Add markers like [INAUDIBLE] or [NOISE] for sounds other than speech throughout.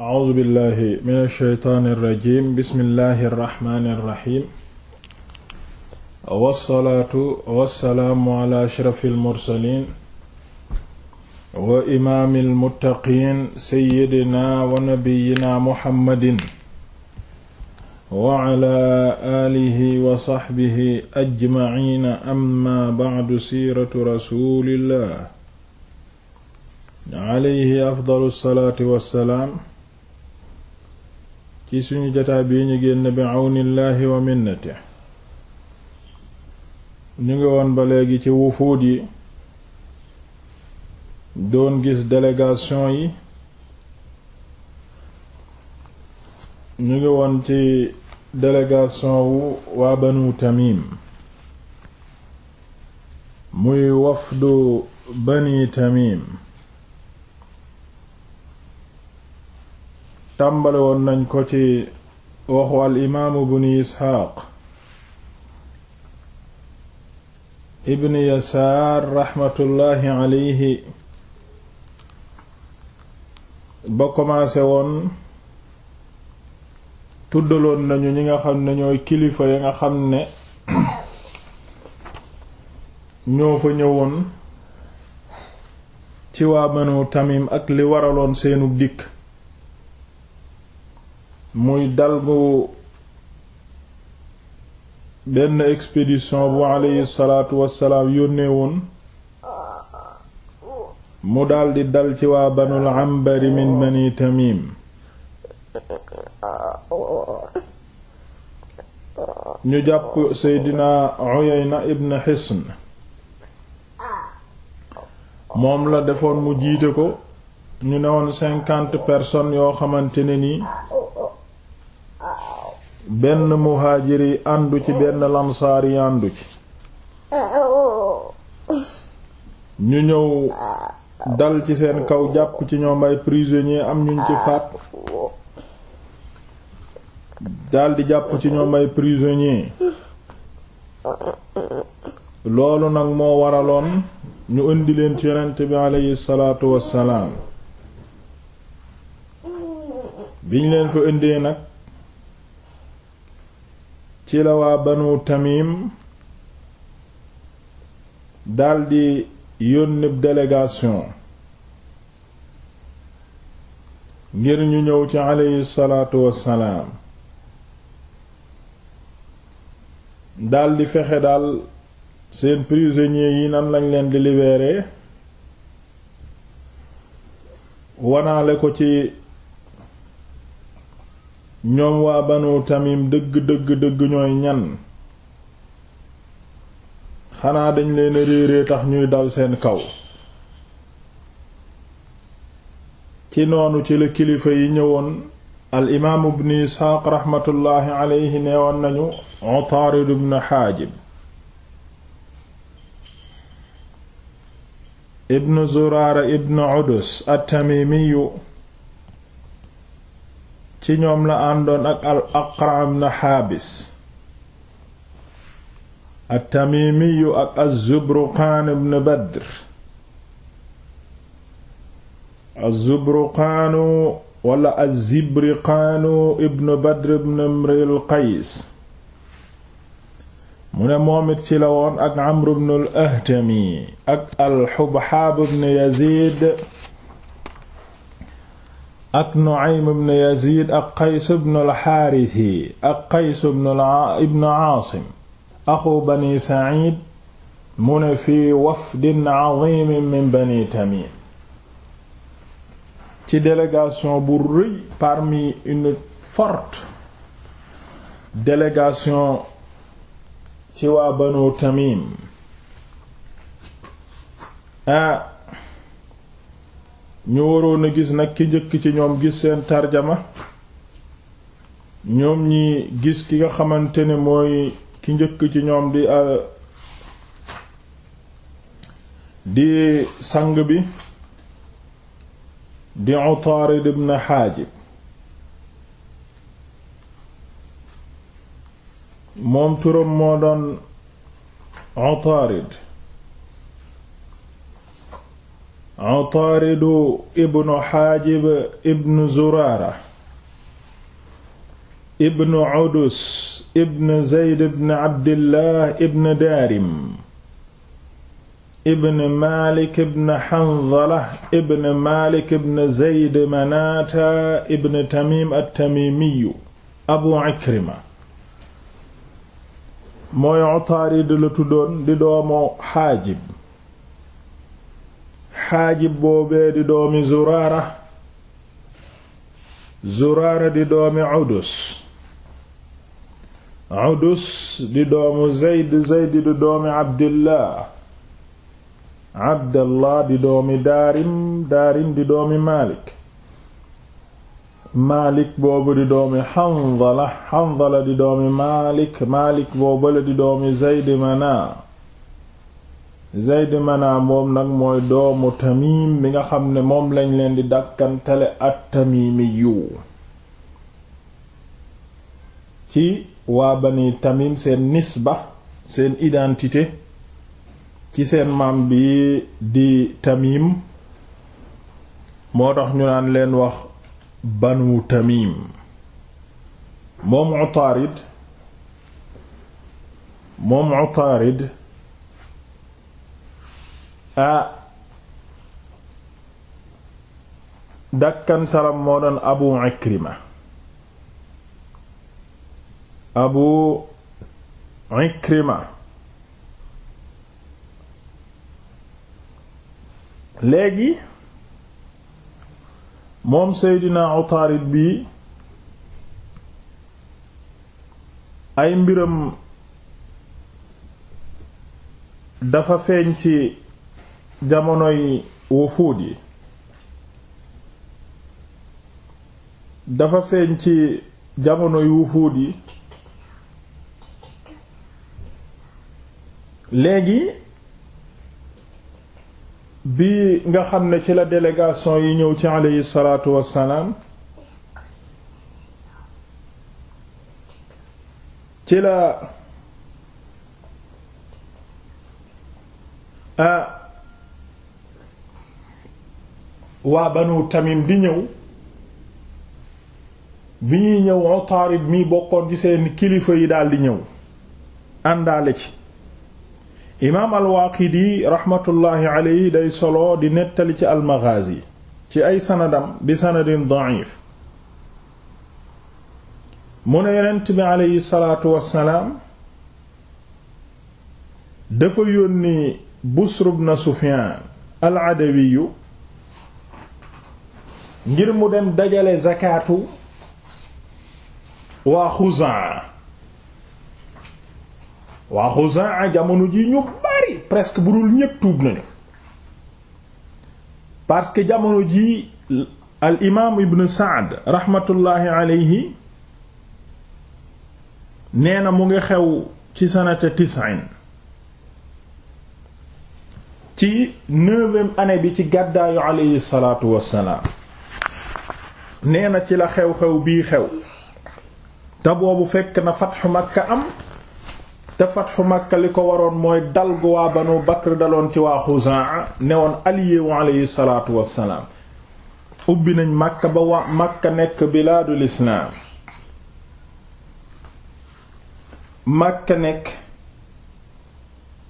a'uuzu billahi mina shaytaani rajiim bismillahi rahmaani rahiim wassalaatu wassalaamu ala ashrafil mursaliin wa imaamil muttaqiin sayyidina wa nabiyyina muhammadin wa ala aalihi wa saxbihi ajmaciina amma bacdu siiratu rasuulillah alayhi afdalu salaatu wassalaam ci suñu jataa bii ñu génn bi àwnillaahi wa minnati ñu ngi woon ba léegi ci wufuud yi doon gis délégation yi ñu ngi woon ci délégation wu waa banu tamim muy wafdu bani tamim tàmbaliwoon nañ ko ci waxu al imaamu bnu isxaaq ibn yasaar raxmatullaahi aleyhi ba commencé woon tuddaloon nañu ñi nga xam ne ñooy kilifa ya nga xam ne ñoo fa ñëwoon ci waa banu tamim ak li waraloon seenu dikk muy dal bu benn expédition bu aleyhi salaatu wassalaam yónnee woon mu daldi dal ci waa banul àmbari min bani tamim ñu jàpp seydina Uyayna ibn Hisn moom la defoon mu jiite ko ñu newoon cinquante personnes yoo xamante ne nii benn muhaajir yi àndu ci benn lansaar yi àndu ci ñu ñëw dal ci seen kaw jàpp ci ñoom ay prisonnier am ñuñ ci faat daldi jàpp ci ñoom ay prisonnier loolu nag moo waraloon ñu indi leen ci yonent bi aleyhi salaatu wassalaam biñ leen fa indee nag ci la waa banu tamim daldi yónnib délégation ngir ñu ñëw ci aleyhi salaatu wassalaam daldi fexe daal seen prisonniers yi nan lañ leen di libérer wanaale ko ci ñoom waa banu tamim dëgg dëgg dëgg ñooy ñan xanaa dañ leen a tax ñuy dal seen kaw ci noonu ci la kilifa yi ñëwoon al imaam ibn isxaaq raxmatullaahi aleyhi nañu utaarid ibn xaajib ibn zuraara ibn udus at-tamimiyu ci ñoom la àndoon ak al aqra ibn xaabis at-tamimiyu ak az-zubruqaan ibn badr az-zubruqaanu wala az-zibriqaanu ibn badr ibn imril qays mu ne moom it ci la woon ak amr ibn al-ahtami ak al-hubhaab ibn yaziid ak Nucaym ibn Yaziid ak Qays ibn al-Xaarisi ak Qays ibn Caasim axu bani Saciid mu ne fii wafdin caziimin min bani Tamiim ci délégation bu rëy parmi une forte délégation ci waa banu Tamiim ah, ñu waroon a gis nag ki njëkk ci ñoom gis seen tarjama ñoom ñi gis ki nga xamante ne mooy ki njëkk ci ñoom di euh, di sang bi di Utaarid ibn Haajib moom turam moo doon Utaarid Utaaridu ibnu Xaajib ibnu Zuraara ibnu Udus ibnu Zayd ibnu Abdillah ibnu Daarim ibnu Maalik ibnu Hanzala ibnu Maalik ibnu Zayd Manaata ibnu Tamiim at-Tamiimiyu Abu Ikrima mooy Utaaridu la tuddoon di doomu Xaajib xaajib boobee di doomi zuraara zuraara di doomi udus udus di doomu zeyd zeyd di doomi abdillah abdallah di doomi daarim di doomi maalik maalik boobu di doomi xandala xandala di doomi maalik maalik boobale di doomi zeyd mana Zayd mana moom nag mooy doomu Tamim bi nga xam ne moom lañ leen di dàkkantale at-Tamimi yiw ci waa Bani Tamim seen nisba seen identité ci seen maam bi di Tamim moo tax ñu naan leen wax Banu Tamim moom Utaarid moom Utaarid ah dàkkantaram moo doon abu ikrima abu ikrima léegi moom seydina utaarid bi ay mbiram dafa feeñ ci jamonoy wufuud yi dafa feeñ ci jamonoy wufuud yi léegi bi nga xam ne ci la délégation yu ñëw ci aleyhi salaatu wassalaam ci la ah waa banu tamim di ñëw bi ñuy ñëw Utarid mi bokkoon ci seen kilifa yi daal di ñëw àndaale ci imaam al-Waaqidi raxmatullaahi alayhi day solo di nettali ci al-Maghaazi ci ay sanadam bi sanadin da'if mu ne yonent bi alayhi salaatu wassalaam dafa yónni Busr ibn Sufyaan al-Adawiyu ngir mu dem dajale zakaatu waa Xuzaa waa Xuzaa jamono ji ñu bari presque bu dul ñépp tuub nañu parce que jamono ji al imaam ibn Saad raxmatullaahi aleyhi nee na mu ngi xew ci sanata tis'in ci neuvième année bi ci gàddaayu aleyhi salaatu wassalaam nee na ci la xew-xew bii xew te boobu fekk na fatxu makka am te fatxu makka li ko waroon mooy dal gu waa daloon ci waa xuzaa newoon allié wu aleyhi salaatu wassalaam ubbi nañ makka ba waa nekk bilaadul islaam makka nekk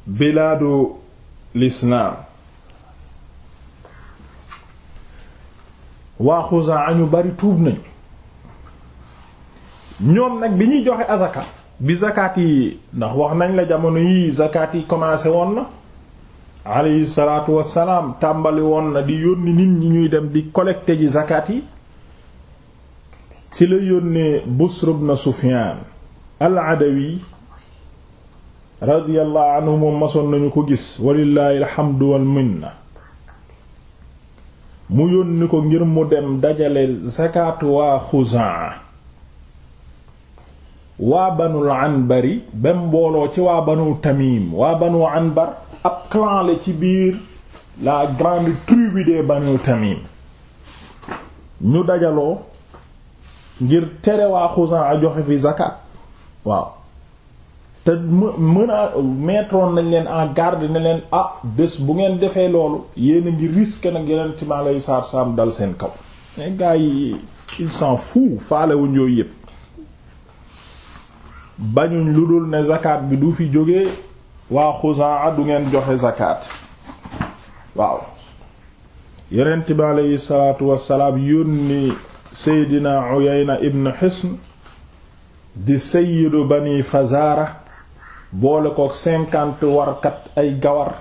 bilaadul waa Xuzaa ñu bari tuub nañu ñoom nag bi ñuy joxe azaka bi zakat yi ndax wax nañ la jamono yi zakat yi commencé woon na alayhi salaatu wassalaam tàmbali woon na di yónni nit ñi ñuy dem di collecter ji zakat yi ci la yónnee Busr ibn Sufyaan al-Adawi radiyallahu anhu moom masoon nañu ko gis walillahi alhamdu wal minna mu yónni ko ngir mu dem dajale zakat waa Xuzaa waa banul Anbari ba mbooloo ci waa banu Tamim waa banu Anbar ab clan ci biir la grande tribu des banu Tamim ñu dajaloo ngir tere waa Xuzaa a joxe fi zakat waaw te mën a nañ leen en garde ne leen ah bés bu ngeen defee loolu yéen a ngi risque nag yeneen ci maa lay saar saam dal seen kaw mais gars yi ils s'en fout faalewuñ yooyu yëpp bañuñ lu dul ne zakat bi du fi jógee waa xusaa du ngeen joxe zakat waaw yonent bi aleyhi salaatu wassalaam yónni seydina Uyayna ibn Hisn di sayyidu bani Fazara boole kook cinquante warkat ay gawar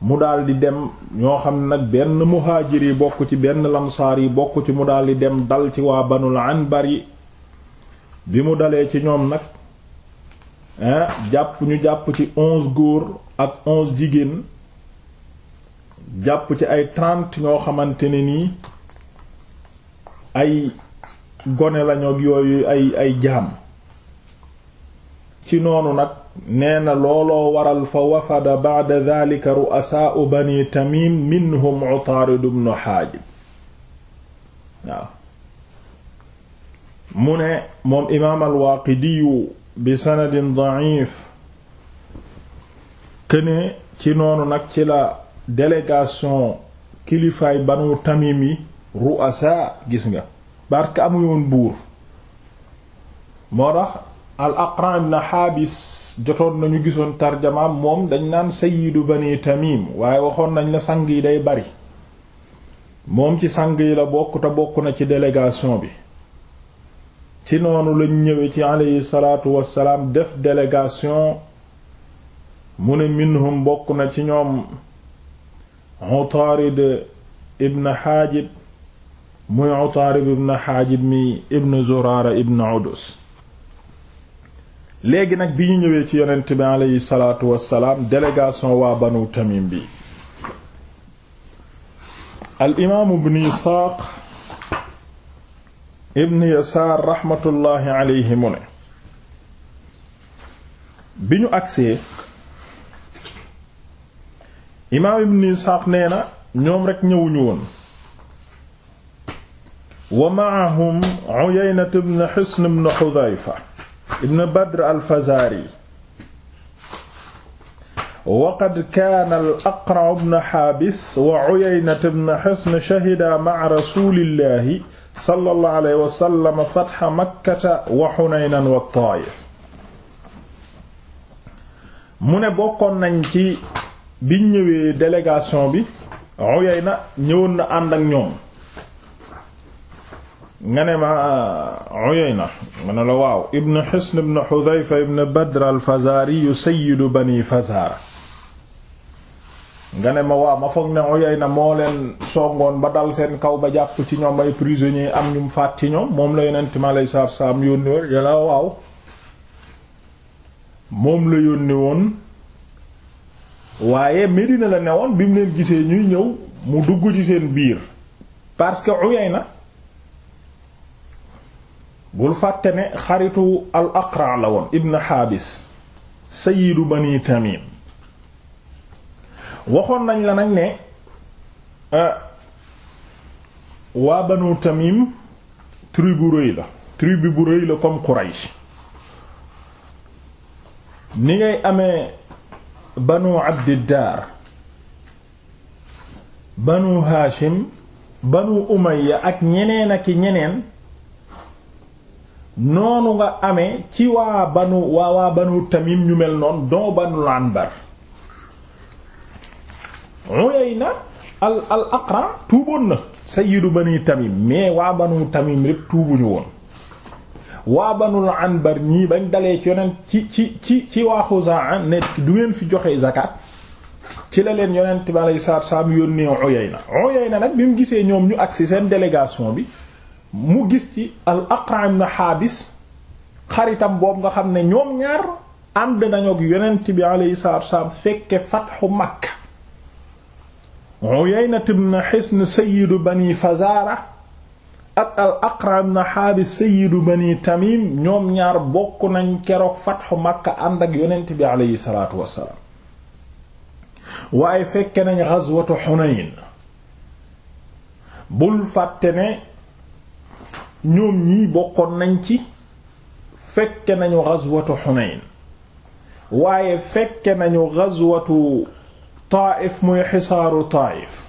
mu daldi dem ñoo xam nag benn muhaajir yi bokk ci benn lamsaar yi bokk ci mu daldi dem dal ci waa banul anbar bari bi mu dalee ci ñoom nag hein jàpp ñu jàpp ci onze góor ak onze jigéen jàpp ci ay trente ñoo xamante ne nii ay gone lañu yooyu ay ay jaam ci noonu nag nee na looloo waral fa wafada ba'da dhalika ru'asaa'u bani tamim minhum mu ne moom imaam al-Waaqidiyu bi sanadin da'if këne ci noonu nag ci la délégation kilifaay banu tamim yi gis nga parce que amuyoon buur moo tax al aqran ibn xaabis jotoon nañu gisoon tarjamaam moom dañ naan sayyidu bani tamim waaye waxoon nañ la sang yi day bari moom ci sang yi la bokk te bokk na ci délégation bi ci noonu lañ ñëwee ci aleyhi salaatu wassalaam def délégation mu ne minhum bokk na ci ñoom utaarid ibn xaajib muy utaarid ibn xaajib mi ibn zuraara ibn udus léegi nag bi ñu ñëwee ci yonent bi aleyhi salaatu wassalaam délégation waa banu tamim bi al imaamu ibn isxaaq yasaar raxmatullaahi mu ne bi ñu agsee imaam ibn isxaaq nee na ñoom rekk ñëwuñu woon wa maahum uyayna ibn xisn ibn xudayfa ibn badr al-fazari wa qad kaana al-aqra' ibn haabis wa uyayna ibn hisn shahida ma'a rasulillahi sallallahu alayhi wa sallam fatha wa hunaynan wa taayif mu ne bokkoon nañ ci biñ ñëwee délégation bi uyayna ñëwoon na ak ñoom nga ne ma ah, Uyayna nga ne la waaw ibn Hisn ibn Hudhayfa ibn Badr al-Fazari sayyidu bani Fazara nga ne ma waaw ma foog ne seen kaw ba jàpp ci ñoom ay prisonniers am ñu faat ci ñoom moom la yonent ma lay saaf saam yónni woon la yónni woon waaye Medina la ne woon bi mu leen gisee ñuy ñëw mu dugg ci seen biir parce que Uyayna bul fàtte ne xaritu al aqra la woon ibn xaabis sayidu bani tamim waxoon nañ la nag ne euh, waa banu tamim tribu bu rëy la tribu bu rëy la comme Quraysh ni ngay amee banu abdiddar banu haashim banu umayya ak ñeneen ñeneen noonu nga amee ci waa banu waa waa banu tamim ñu mel noon don banu anbar Uyayna al al aqra tuuboon na sayyidu bani tamim mais waa banu tamim rek tuubuñu woon waa banul anbar ñii bañ dalee ci yonent ci ci ci waaxu waa Xuzaa ne du ngeen fi joxe zakat ci la leen yonent bi alayhi salaatu wa salaam yónnee Uyayna Uyayna nag bi mu gisee ñoom ñu agsi seen délégation bi mu gis ci al Aqra ibn xaritam boobu nga xam ne ñoom ñaar ànd nañu ak yonent bi alayhi salaatu wassalaam fekke fatxu Makka Uyayna na Hisn sayyidu bani Fazaara ak al Aqra ibn Haabis bani Tamim ñoom ñaar bokk nañ keroog fatxu Makka ànd ak yonent bi alayhi salaatu wassalaam waaye fekke nañ gazwatu Hunayn bul fàtte ne ñoom ñii bokkoon nañ ci fekke nañu ghazwatu Hunayn waaye fekke nañu ghazwatu Taif muy xisaaru Taif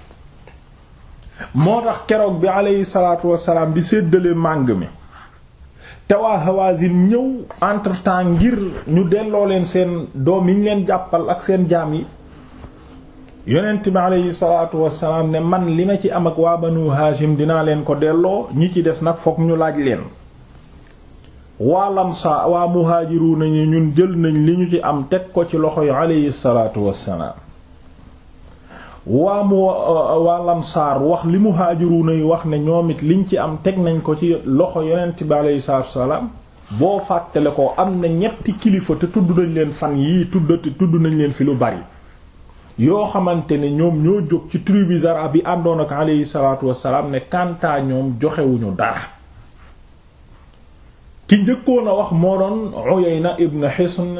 moo tax keroog bi aleyhi salaatu wasalaam bi séddale màng mi te waa Hawazin ñëw entre temps ngir ñu delloo leen seen doom yi ñu leen jàppal ak seen jaam yi yonent bi aleyhi wassalaam ne man li na ci am ak waa banu haashim dinaa leen ko delloo ñi ci des nag fokk ñu laaj leen waa lansa waa muhaajiru nañu ñun jël nañ li ñu ci am teg ko ci loxo yi aleyhi salaatu wassalaam waa mu waa lansaar wax li muhaajiru nañu wax ne ñoom it liñ ci am teg nañ ko ci loxo yonent bi aleyhi salaatu wassalaam boo fàttale ko am na ñetti kilifa te tudd nañ leen fan yii tuddati tudd nañ leen fi lu bari yoo xamante ne ñoom ñoo jóg ci tribu bi àndoon ak aleyhi salaatu ne kantaa ñoom joxewuñu dara ki njëkkoon a wax moo doon Uyayna ibn Hisn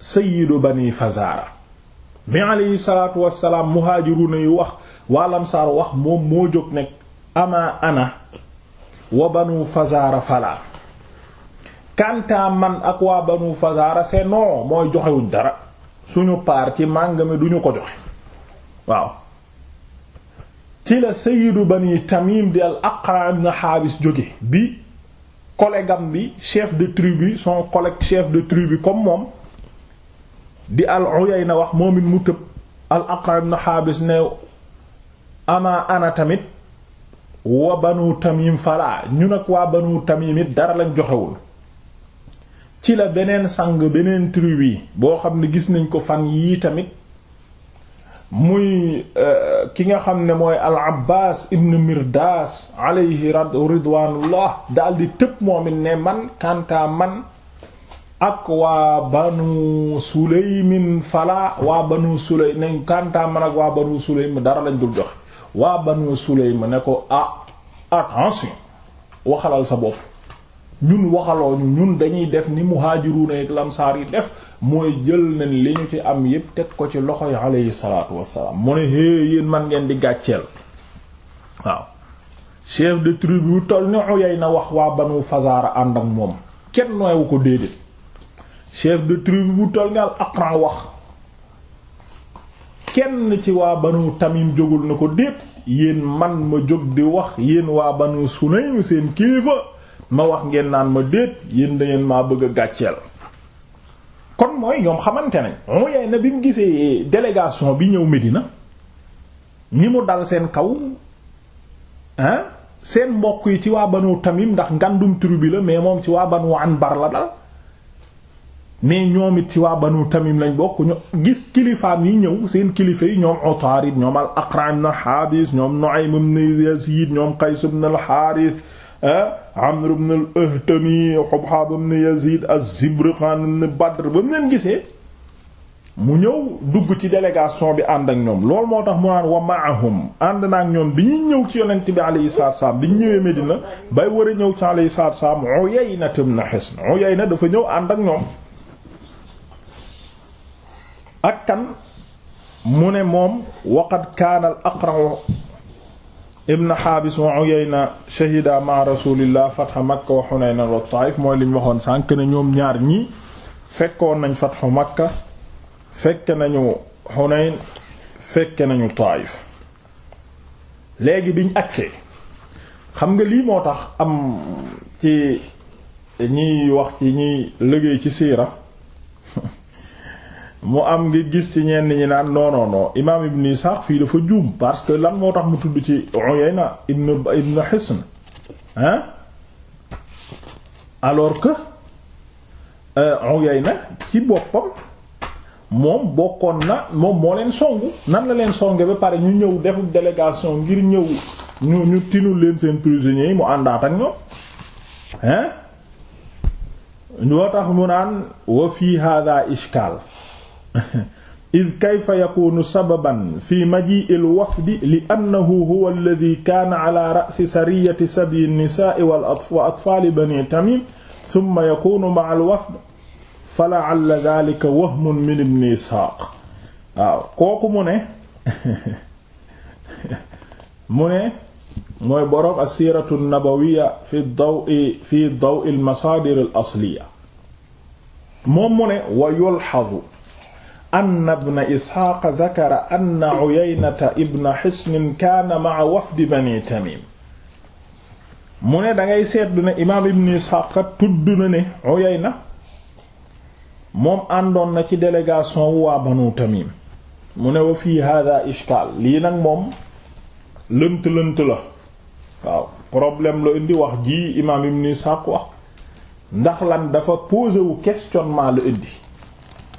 sayyidu bani Fazara bi aleyhi salaatu wassalaam muhaajiruna yu wax waa lamsaar wax moom moo jóg nekk ama ana wa banu Fazara fala kantaa man ak waa banu Fazara c'est non mooy joxewuñ dara suñu paar ci màng mi duñu ko joxe waaw ci la sayyidu bani tamim di al aqra ibn xaabis jóge bi collègue bi chef de tribu son collègue chef de tribu comme moom di al na wax moom it mu tëb al aqra ibn xaabis ne ama ana tamit wa banu tamim fala ñu nag waa banu tamim it dara lañ joxewul ci la beneen sang beneen tribu boo xam ne gis nañ ko fan yii tamit muy euh, ki nga xam ne mooy al abbas ibn mirdas alayhi ridwanullah daldi tëb moom it ne man kantaa man ak waa banu sulaymin fala waa banu sulaym nañ kantaa man ak waa banu sulaym dara lañ dul joxe waa banu sulaym ne ko ah, attention waxalal sa bopp ñun waxaloo ñu ñun dañuy def ni mu muhaajiruuna ak lamsaar yi def mooy jël nañ li ñu ci am yépp teg ko ci loxo yi alayhi salaatu wassalaam mu ne hé yéen man ngeen di gàcceel waaw chef de tribu yu toll ni Uyayna wax waa Banu Fazaara ànd ak moom kenn nooywu ko déedéet chef de tribu bu toll ni al Aqra wax kenn ci waa Banu Tamim jógul na ko déet yéen man ma jóg di wax yéen waa Banu Sulaym seen kilifa ma wax ngeen naan ma déet yéen da ngeen maa bëgg a gàcceel kon mooy ñoom xamante nañ mu yaay na bi mu gisee délégation bi ñëw Medina ni mu dal seen kaw ah seen mbokk yi ci waa banu Tamim ndax ngandum tribu bi mais moom ci waa banu Anbar la dal mais ñoom it ci waa banu Tamim lañ bokk gis kilifaam yi ñëw seen kilifa yi ñoom Utaarid ñoom al Aqra ibn Haabis ñoom Nu'aym ibn Yaziid ñoom Qays ibn al Haaris Eh? Amr ibn al-Ahtami Hubhab ibn az-Zibriqan ibn Badr ba mu leen gisee mu ñëw dugg ci délégation bi ànd ak ñoom loolu moo tax mu naan wa maahum ànd na ak ñoom bi ñuy ñëw ci yonent bi alayhi salaatu salaam bi ñu ñëwee Medina bay war a ñëw ci alayhi salaatu salaam Uyayna ibn Hisn Uyayna dafa ñëw ànd ak ñoom ak kan mu ne moom waqad kaana al ibn xaabis wa Uyayna shahida ma rasulillah fatha makka wa Hunayn wa Taif mooy li ñu waxoon sànk ne ñoom ñaar ñii fekkoon nañ fathu makka fekke nañu Hunayn fekke nañu Taif léegi biñ agsee xam nga lii moo tax am ci ñiy wax ci ñiy liggéey ci siira mu am ngi gis ci ñenn ñi naan non non non imaam Ibn Ishaq fii dafa juum parce que lan moo tax mu tudd ci Uyayna ibn ibn Hisn hein alors que euh, Uyayna ci boppam moom bokkoon na moom moo leen songu nan la leen songe ba pare ñu ñëw defu délégation ngir ñëw ñu ñu tinul leen seen prisonniers yi mu àndaat ak ñoom hein ñoo tax mu naan wa fii hada ishkal [LAUGHS] id kayfa yakunu sababan fi maji'i al-wafdi li annahu huwa alladhi kaana ala ra'si sariyati sabi an-nisaa'i wa atfaali bani tamim thumma yakunu ma'a al-wafd fala'alla dhalika wahmun min ibn ishaaq waaw kooku mu ne [LAUGHS] mu ne mooy boroom as-siiratu an-nabawiyya fi dawi fi dawi al-masaadir al-asliya moom mu ne wa yulhadhu anna ibna isxaaqa dakara anna uyaynata ibna xisnin kaana ma'a wafdi bani tamim mu ne dangay seetlu ne imaam ibnu isxaaqa tudd na ne moom àndoon na ci delegation wu waa banu tamim mu ne wa fii hada ishkaal lii nag moom lënt lënt la waaw problème la indi wax ji imaam ibnu isxaaq wax ndax lan dafa posé wu questionnement la indi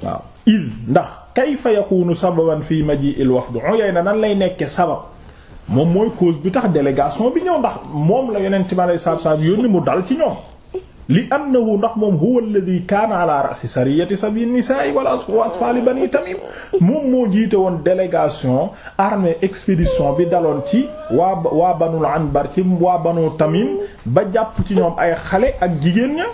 waaw id ndax kayfa yakunu sababan fii maji'il wafd Uyayna nan lay nekkee sabab moom mooy cause bi tax délégation bi ñëw ndax moom la yonent bi alayhi salaatu salaam yónni mu dal ci ñoom li annahu ndax moom huwa alladhi kaana ala ra'si sariyati sabi nisaa'i wal atfaali bani tamim moom moo jiite woon délégation armée expédition bi daloon ci waa waa banul anbar ci waa banu tamim ba jàpp ci ñoom ay xale ak jigéen ña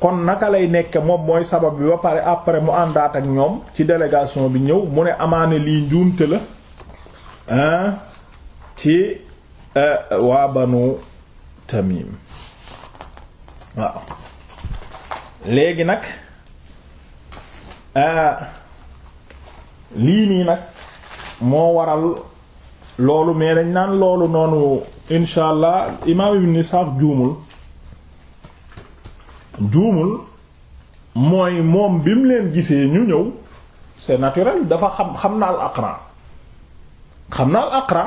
kon naka lay nekk moom mooy sabab bi ba pare après mu àndaat ak ñoom ci délégation bi ñëw mu ne amaane lii njuumte la hein ci euh, waabanu banu tamim waaw léegi nag euh, lii nii nag moo waral loolu mais dañ naan loolu noonu insha allah imaam ibn Sa'd juumul juumul mooy moom bi mu leen gisee ñu ñëw c'est naturel dafa xam xam naa al xam naa al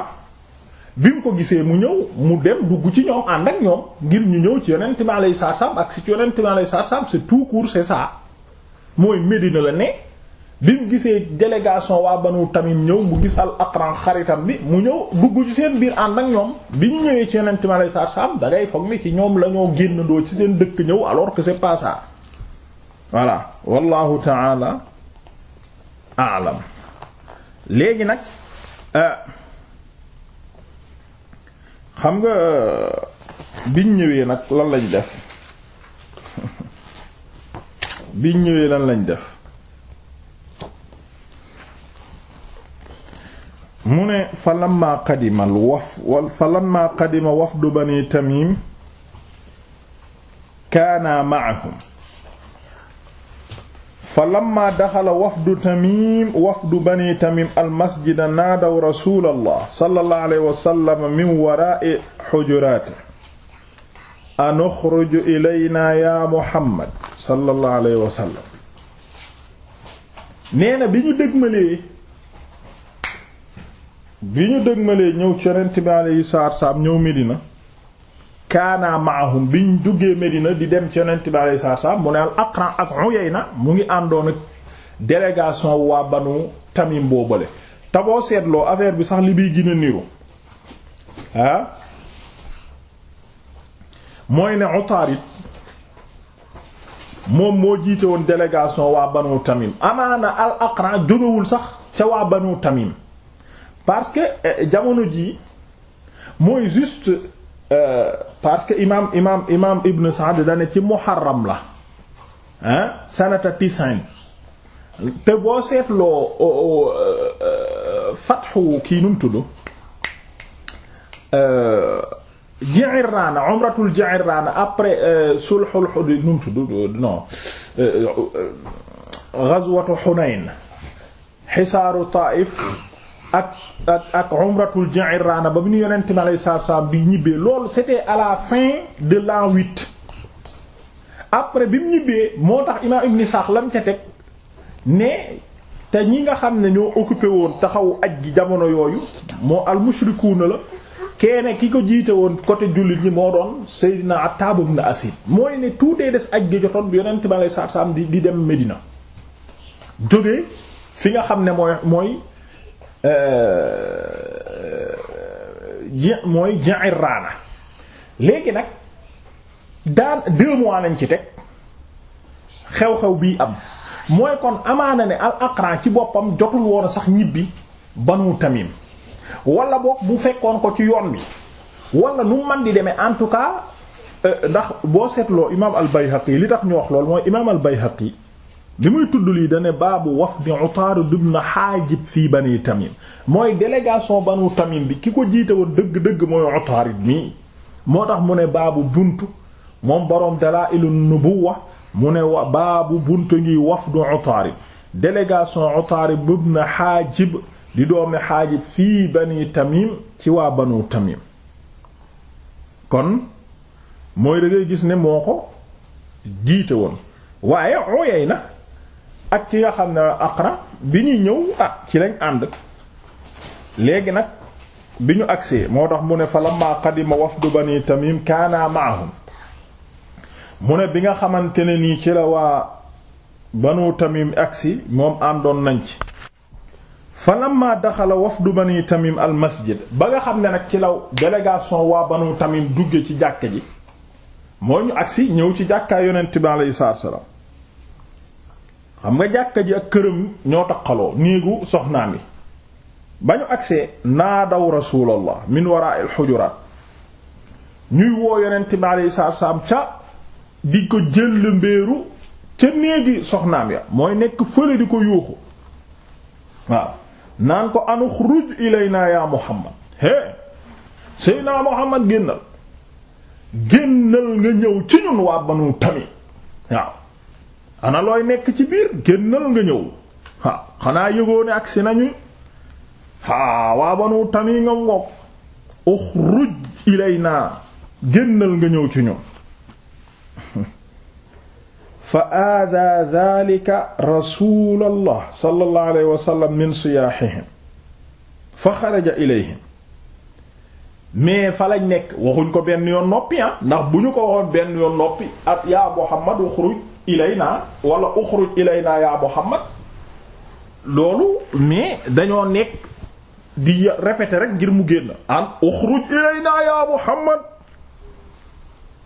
bi mu ko gisee mu ñëw mu dem dugg ci ñoom ànd ak ñoom ngir ñu ñëw ci yonent bi alayhi salaam ak si ci yonent bi alayhi salaam c'est tout court c'est ça mooy Médina la ne. bi mu gisee délégation waa ba nu tamit ñëw mu gis al aqran xaritam bi mu ñëw dugg ci seen biir ànd ak ñoom bi ñu ñëwee ci yonent mi aleyhi salaatu foog ni ci ñoom la ñoo génnandoo ci seen dëkk ñëw alors que c'est pas ça voilà wallahu taala alam léegi nag euh, xam nga euh, biñ ñëwee nag lan lañ def [LAUGHS] biñ ñëwee lan lañ def mu ne fa lamma qadima al waf fa lamma qadima wafdu bani tamim kaana ma'ahum fa lamma daxala wafdu tamim wafdu bani tamim almasjida naadaw rasul min wara'i xujuraate an uxruj ya muhammad sallallahu bi ñu dégmalee bi ñu dëgmalee ñëw ci yonent bi alayhi salaatu salaam ñëw Medina kaana maahum biñ duggee Medina di dem ci yonent bi alayhi salaatu salaam mu ne al Aqra ak Uyayna mu ngi àndoon ak délégation waa Banu Tamim boobale te boo seetloo affaire bi sax li biy gën a niru ah mooy ne Utaarid moom moo jiite woon délégation waa Banu Tamim amaana al Aqra jógewul sax ca waa Banu Tamim parce que euh, jamono jii mooy juste euh, parce que imaam imaam imaam Ibn Sa'd dane ci muharram la ah sanata tisin te boo seetloo euh, fatxu kii num tudd Ji'irraana umratul Ji'irraana après sulhul Hudaybiyya num tudd non ghazwatu Hunayn xisaaru Taa'if ak ak ak umratul Ji'rana ba bu ñu yonent mi alayhi salaatu salaam di ñibbee loolu c'était à la fin de l'an huit après bi mu ñibbee moo tax imaam Ibn Sa'd lam ca teg ne te ñi nga xam ne ñoo occupé woon taxaw aj gi jamono yooyu moo al-mushrikuuna la keene ki ko jiite woon côté jullit yi moo doon Seydina Attab na Asid mooy ne tuutee des aj gi jotoon bi yonent mi alayhi salaatu salaam di dem Medina jógee fi nga xam ne mooy mooy Euh, euh, ji mooy Ji'irraana léegi nag daan deux mois lañ ci teg xew-xew bii am mooy kon amaana ne al Aqra ci boppam jotul woon sax ñibbi Banu Tamim wala boog bu fekkoon ko ci yoon bi walla nu man di demee en tout cas euh, ndax boo seetloo imaam al Bayhaqi li tax ñu wax lool mooy imaam al Bayhaqi li muy tudd lii dane baabu wafdi Utaarid ibn Haajib fii Bani Tamim mooy délégation Banu Tamim bi ki ko jiite woon dëgg-dëgg mooy Utaarid tax mu ne baabu buntu moom boroom Dalaa'ilun mu ne wa baabu buntu ngi wafdu Utaarid délégation Utaarid ibn Haajib di doomi Haajib fii Bani Tamim ci waa Banu Tamim kon mooy da gis ne moo ko jiite woon waaye ooyey na ak ki nga xam ne Aqra bi ñuy ñëw ah ci lañ ànd léegi nag bi ñu agsee moo tax mu ne fa lamma du ba bani Tamim kaana maahum mu ne bi nga xamante ne nii ci la waa banu Tamim agsi moom àndoon nañ ci fa lamma daxala wafdu bani Tamim al ba nga xam ne nag ci law délégation waa banu Tamim dugge ci jàkka ji moo ñu agsi ñëw ci jàkkaay yonent bi alayhi salaam xam nga jàkka ji ak këram ñoo taqaloo néegu soxnaam yi ba ñu agsee naa daw rasulallah min xujuraat ñuy woo yonent bi alayhi salaatu ca di ko jël mbéeru ca néegi soxnaam ya mooy nekk fële di ko yuuxu waaw naan ko anuxruj ilaynaa ya muhammad hé seydinaa muhammad génnal génnal nga ñëw ci ñun waa banu tami waaw ana looy nekk ci biir génnal nga ñëw ah xanaa yëgoo agsi nañu ah waa banu tamim nga ngoog uxruj ilayna génnal nga ñëw ci ñun [LAUGHS] fa aada dalika rasulallah sallallahu min siyaaxihim fa xaraja ilayhim mais fa lañ nekk waxuñ ko benn yoon noppi ah ndax bu ñu ko waxoon benn yoon noppi at yaa Muhammad uxruj ilayna wala uxruj ilayna ya Muhammad loolu mais dañoo nekk di répéter rek ngir mu génn an uxruj ilayna ya Muhammad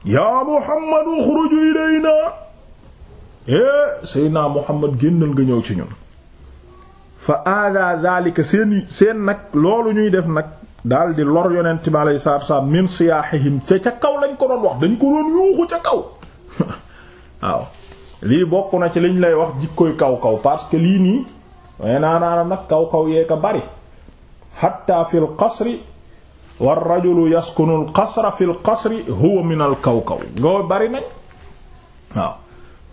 ya Muhammad uxruj ilayna é eh, Seydina Muhammad génnal nga ñëw ci ñun fa aada daalika seen seen nag loolu ñuy def nag daal di lor yonent bi alayhi salaatu wassalaam min siyaahihim ca ca kaw lañ ko doon wax dañ ko yuuxu ca kaw [LAUGHS] lii bokk na ci liñ lay wax jikkoy kaw kaw parce que lii nii naa naanaana nag kawkaw kaw yee ka bari xatta fi l qasri war rajulu yaskunu l qasra fi huwa min al kaw kaw nga bari nañ waaw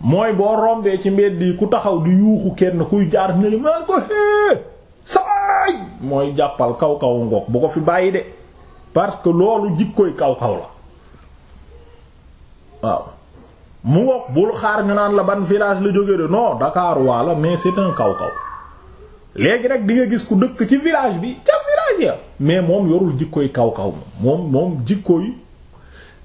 mooy boo rombee ci mbedd yi ku taxaw di yuuxu kenn kuy jaar neli maa ko hee saay mooy jàppal kaw kaw ngoog bu ko fi bàyyi de parce que loolu jikkoy kaw la waaw mu ngoog bul xaar ñu naan la ban village la jóge de non Dakar waa la mais c'est un kaw-kaw léegi rek di nga gis ku dëkk ci village bi ca village ya mais moom yorul jikkooy kaw-kaw moom moom jikkooy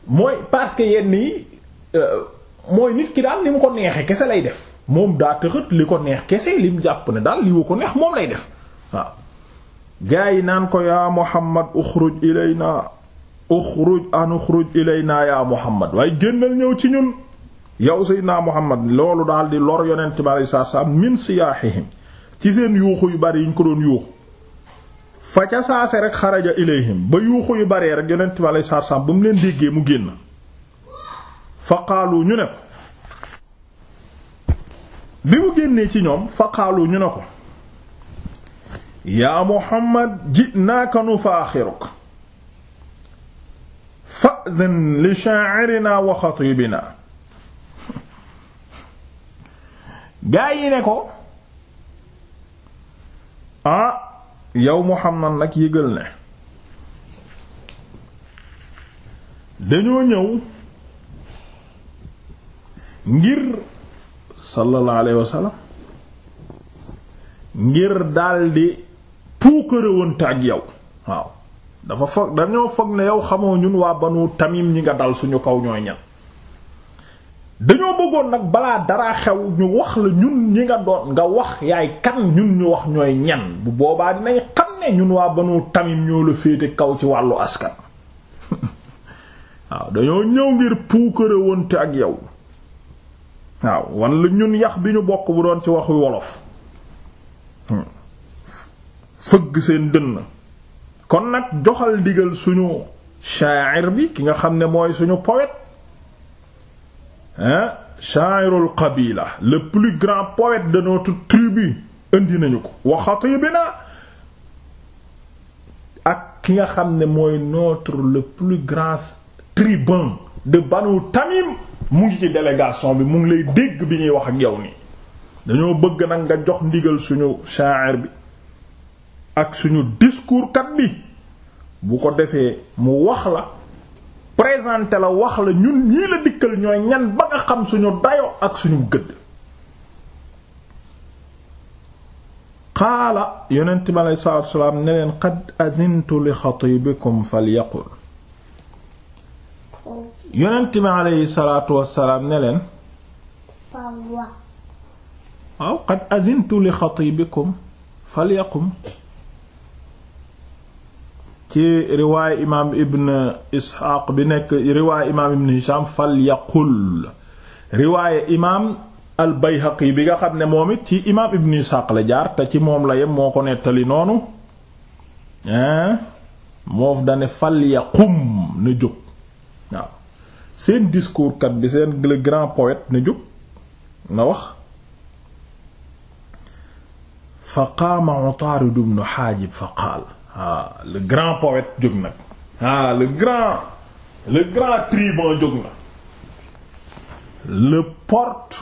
mooy parce que yenn yi euh, mooy nit ki daal ni mu ko neexee kese lay def moom daa tëxët li ko neex kese li jàpp ne daal li wu ko neex moom lay def gaa yi naan ko yaa Muhammad uxruj ilayna uxruj an uxruj naa yaa Muhammad waaye génnal ñëw ci ñun yow Seydina Muhammad loolu daal di lor yonent bi min siyaaxihim ci seen yuuxu yu bari yiñ ko doon yuuxu fa ca saase rek xaraja ilayhim ba yuuxu yu baree rek yonent bi alei saatu salaam mu leen déggee mu génn fa qaalu ñu ne ko bi mu génnee ci ñoom fa qaalu ñu ne ko yaa Muhammad ji'naaka nufaaxiruk fa'dhin li shaa'irina wa xatiibina gaa yi ne ko ah yow Muhammad nag yëgal ne dañoo ñëw ngir sallallahu alayhi wa sallam ngir daldi puukarewante ak yow waaw dafa foog dañoo foog ne yow xamoo ñun waa Banu Tamim ñi nga dal suñu kow ñooy ñan dañoo bëggoon nag balaa dara xew ñu wax la ñun ñi nga doon nga wax yaay kan ñun ñu wax ñooy ñan bu boobaa dinañ xam ne ñun waa Banu Tamim ñoo la féete kaw ci wàllu askan [LAUGHS] waaw dañoo ñëw ngir puukare ak yow waaw wan la ñun yax bi ñu bokk bu doon ci waxu wolof hmm. fëgg seen dënn kon nag joxal digal suñu sha'ir bi ki nga xam ne mooy suñu powet hein sha'irul qabila le plus grand poète de notre tribu indi nañu ko wa xatibina ak ki nga xam ne mooy notre le plus grand tribun de Banu Tamim mu ngi ci délégation bi mu ngi lay dégg bi ñuy wax ak yow nii dañoo bëgg nag nga jox ndigal suñu sha'ir bi ak suñu discours bi bu ko defee mu wax la présenté la wax la ñun ñii la dikkal ñooy ñan ba nga xam suñu dayo ak suñu gëdd qaala yonent bi aleyhi salaatu wa salaam ne leen qad adintu li xatiibikum falyaqul li xatiibikum ci riwaay imaam ibn isxaaq bi nekk riwaay imaam ibn hisham fal yaqul riwaay imaam al bayhaqi bi nga xam ne moom it ci imaam ibn isxaaq la jaar te ci moom la yem moo ko nettali noonu moof dane fal yaqum na jóg waaw seen discours bi seen le grand poète na jóg na wax fa qaama utaaridu bnu xaajib fa qaal ah le grand poète jóg nag ah le grand le grand tribun jóg na le porte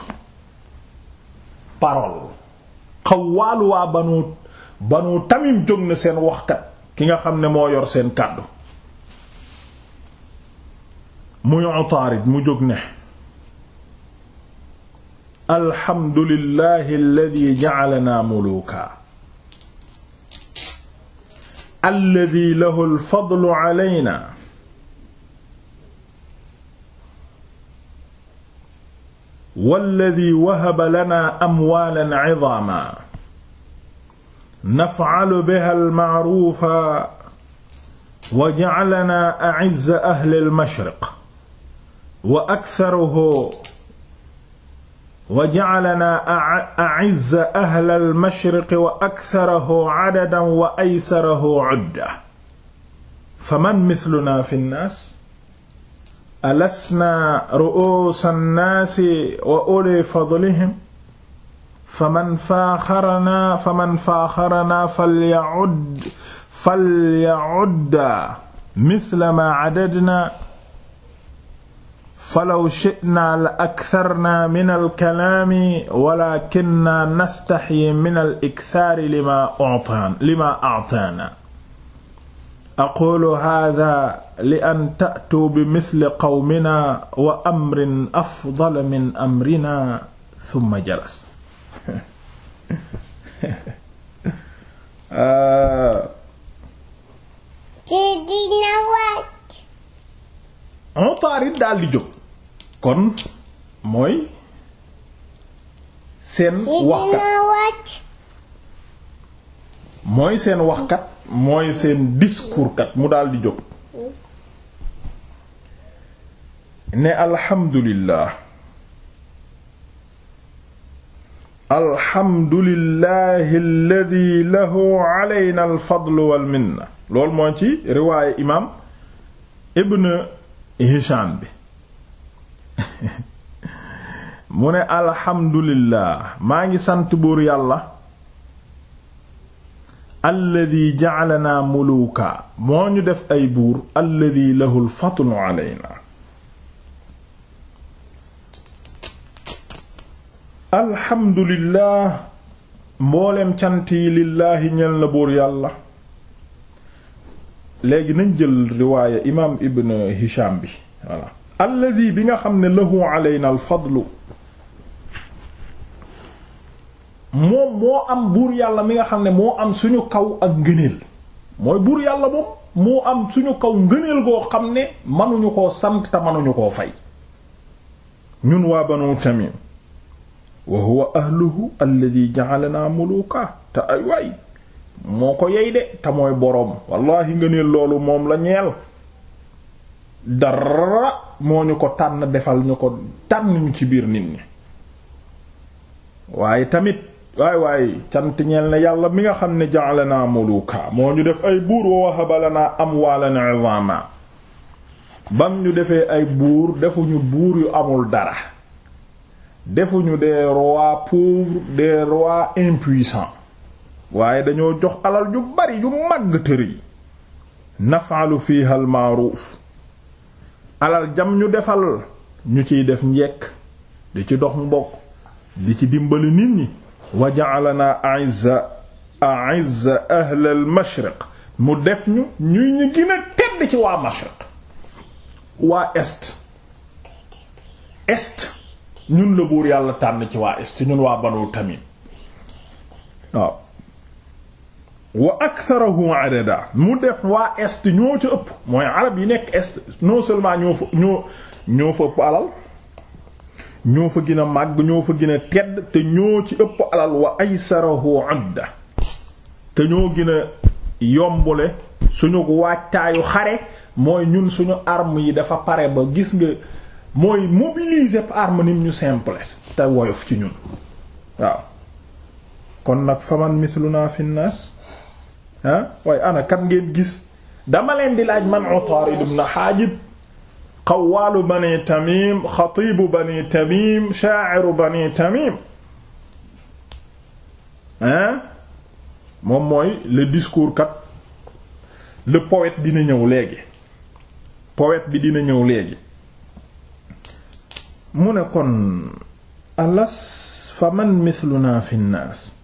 parole xawaalu waa banu banu tamim jóg na seen waxkat ki nga xam ne moo yor seen kàddu muy Utaarid mu jóg ne alhamdulillahi alladhi ja'alana muluka alladi lahu alfadlu alayna walladi wahaba lana amwaalan cidaama nafcalu biha almacruufa wa jaclanaa acizza ahli almashriq wa aktharuhu wa ja'alanaa a'izza ahla al-mashriq wa aktharahoo adadan wa aysarahoo 'udda faman mithlunaa fi nnaas alasnaa ru'uusa nnaasi wa ulii fadlihim faman faaxaranaa faman faaxaranaa falya'ud falya'udda mithla maa 'adadnaa falaw shi'naa la aktharnaa min alkalaami walaakinnaa nastaxyi min aliktaari limaa u'taanaa limaa a'taanaa aquulu haadaa li an ta'tuu bimithli qawminaa wa amrin afdala min amrinaa thumma jalas Utaarid daal di jóg kon mooy seen waxkat mooy seen waxkat mooy seen discours mu daldi jóg ne alhamdulillah alhamdulillahi alladi lahu alayna alfadlu walminna loolu moo ci riwaaye imaam ibn Hisham bi [LAUGHS] mu ne alhamdulillah maa ngi sant buur yàlla alladi ja'alanaa muluuka moo ñu def ay buur alladi lahu alfadlu mboolem cant yi lillaahi ñel buur yàlla léegi nañ jël riwaaya imaam ibn hisham bi alladi bi nga xam ne lahu aleyna al fadlu moom moo am buur yàlla mi nga xam ne moo am suñu kaw ak ngëneel mooy buur yàlla moom moo am suñu kaw ngëneel goo xam ne mënuñu koo sant te mënuñu koo fay ñun waa banu tamim wa huwa ahluhu alladi ja'alana muluka te ay waay moo ko yey de te mooy boroom wallahi ngëneel loolu moom la ñeel dara moo ñu ko tànn defal ñu ko tànn ñu ci biir nit ñi waaye tamit waay waay cant ñeel na yàlla mi nga xam ne ja'alana muluka moo ñu def ay buur wa wahaba lana amwalan 'izama bam ñu defee ay buur defuñu buur yu amul dara defuñu des rois pauvres des rois impuissants waaye dañoo jox alal ju bari yu màgg tër yi naf'alu fiha al alal jam ñu defal ñu ciy def njekk di ci dox mbokk di ci dimbali nit ñi wa ja'alana a'izza a'izza ahla al-mashriq mu def ñu ñuy ñi gën a ci waa mashriq waa est est ñun la buur yàlla tànn ci waa est ñun waa banu tamim waaw wa aktharuhu adada mu def waa est ñoo ca ëpp mooy arab yi nekk est non seulement ñoo fa ñoo ñoo fa ëpp alal ñoo fa gën a màgg ñoo fa gën tedd te ñoo ci ëpp alal wa aysaruhu adda te ñoo gën a yombule suñu waajtaayu xare mooy ñun suñu arm yi dafa pare ba gis nga mooy mobiliser arme nim ñu simple te woyof ci ñun waaw kon nag faman misluna fi nnaas ah waaye ana ngeen gis dama leen di laaj man Utaarid ibn Haajib qawwaalu bani Tamim xatiibu bani Tamim Tamim moom mooy le discours kat le poète dina ñëw léegi poète bi dina ñëw léegi mu ne kon alas fa man mithluna fi nnaas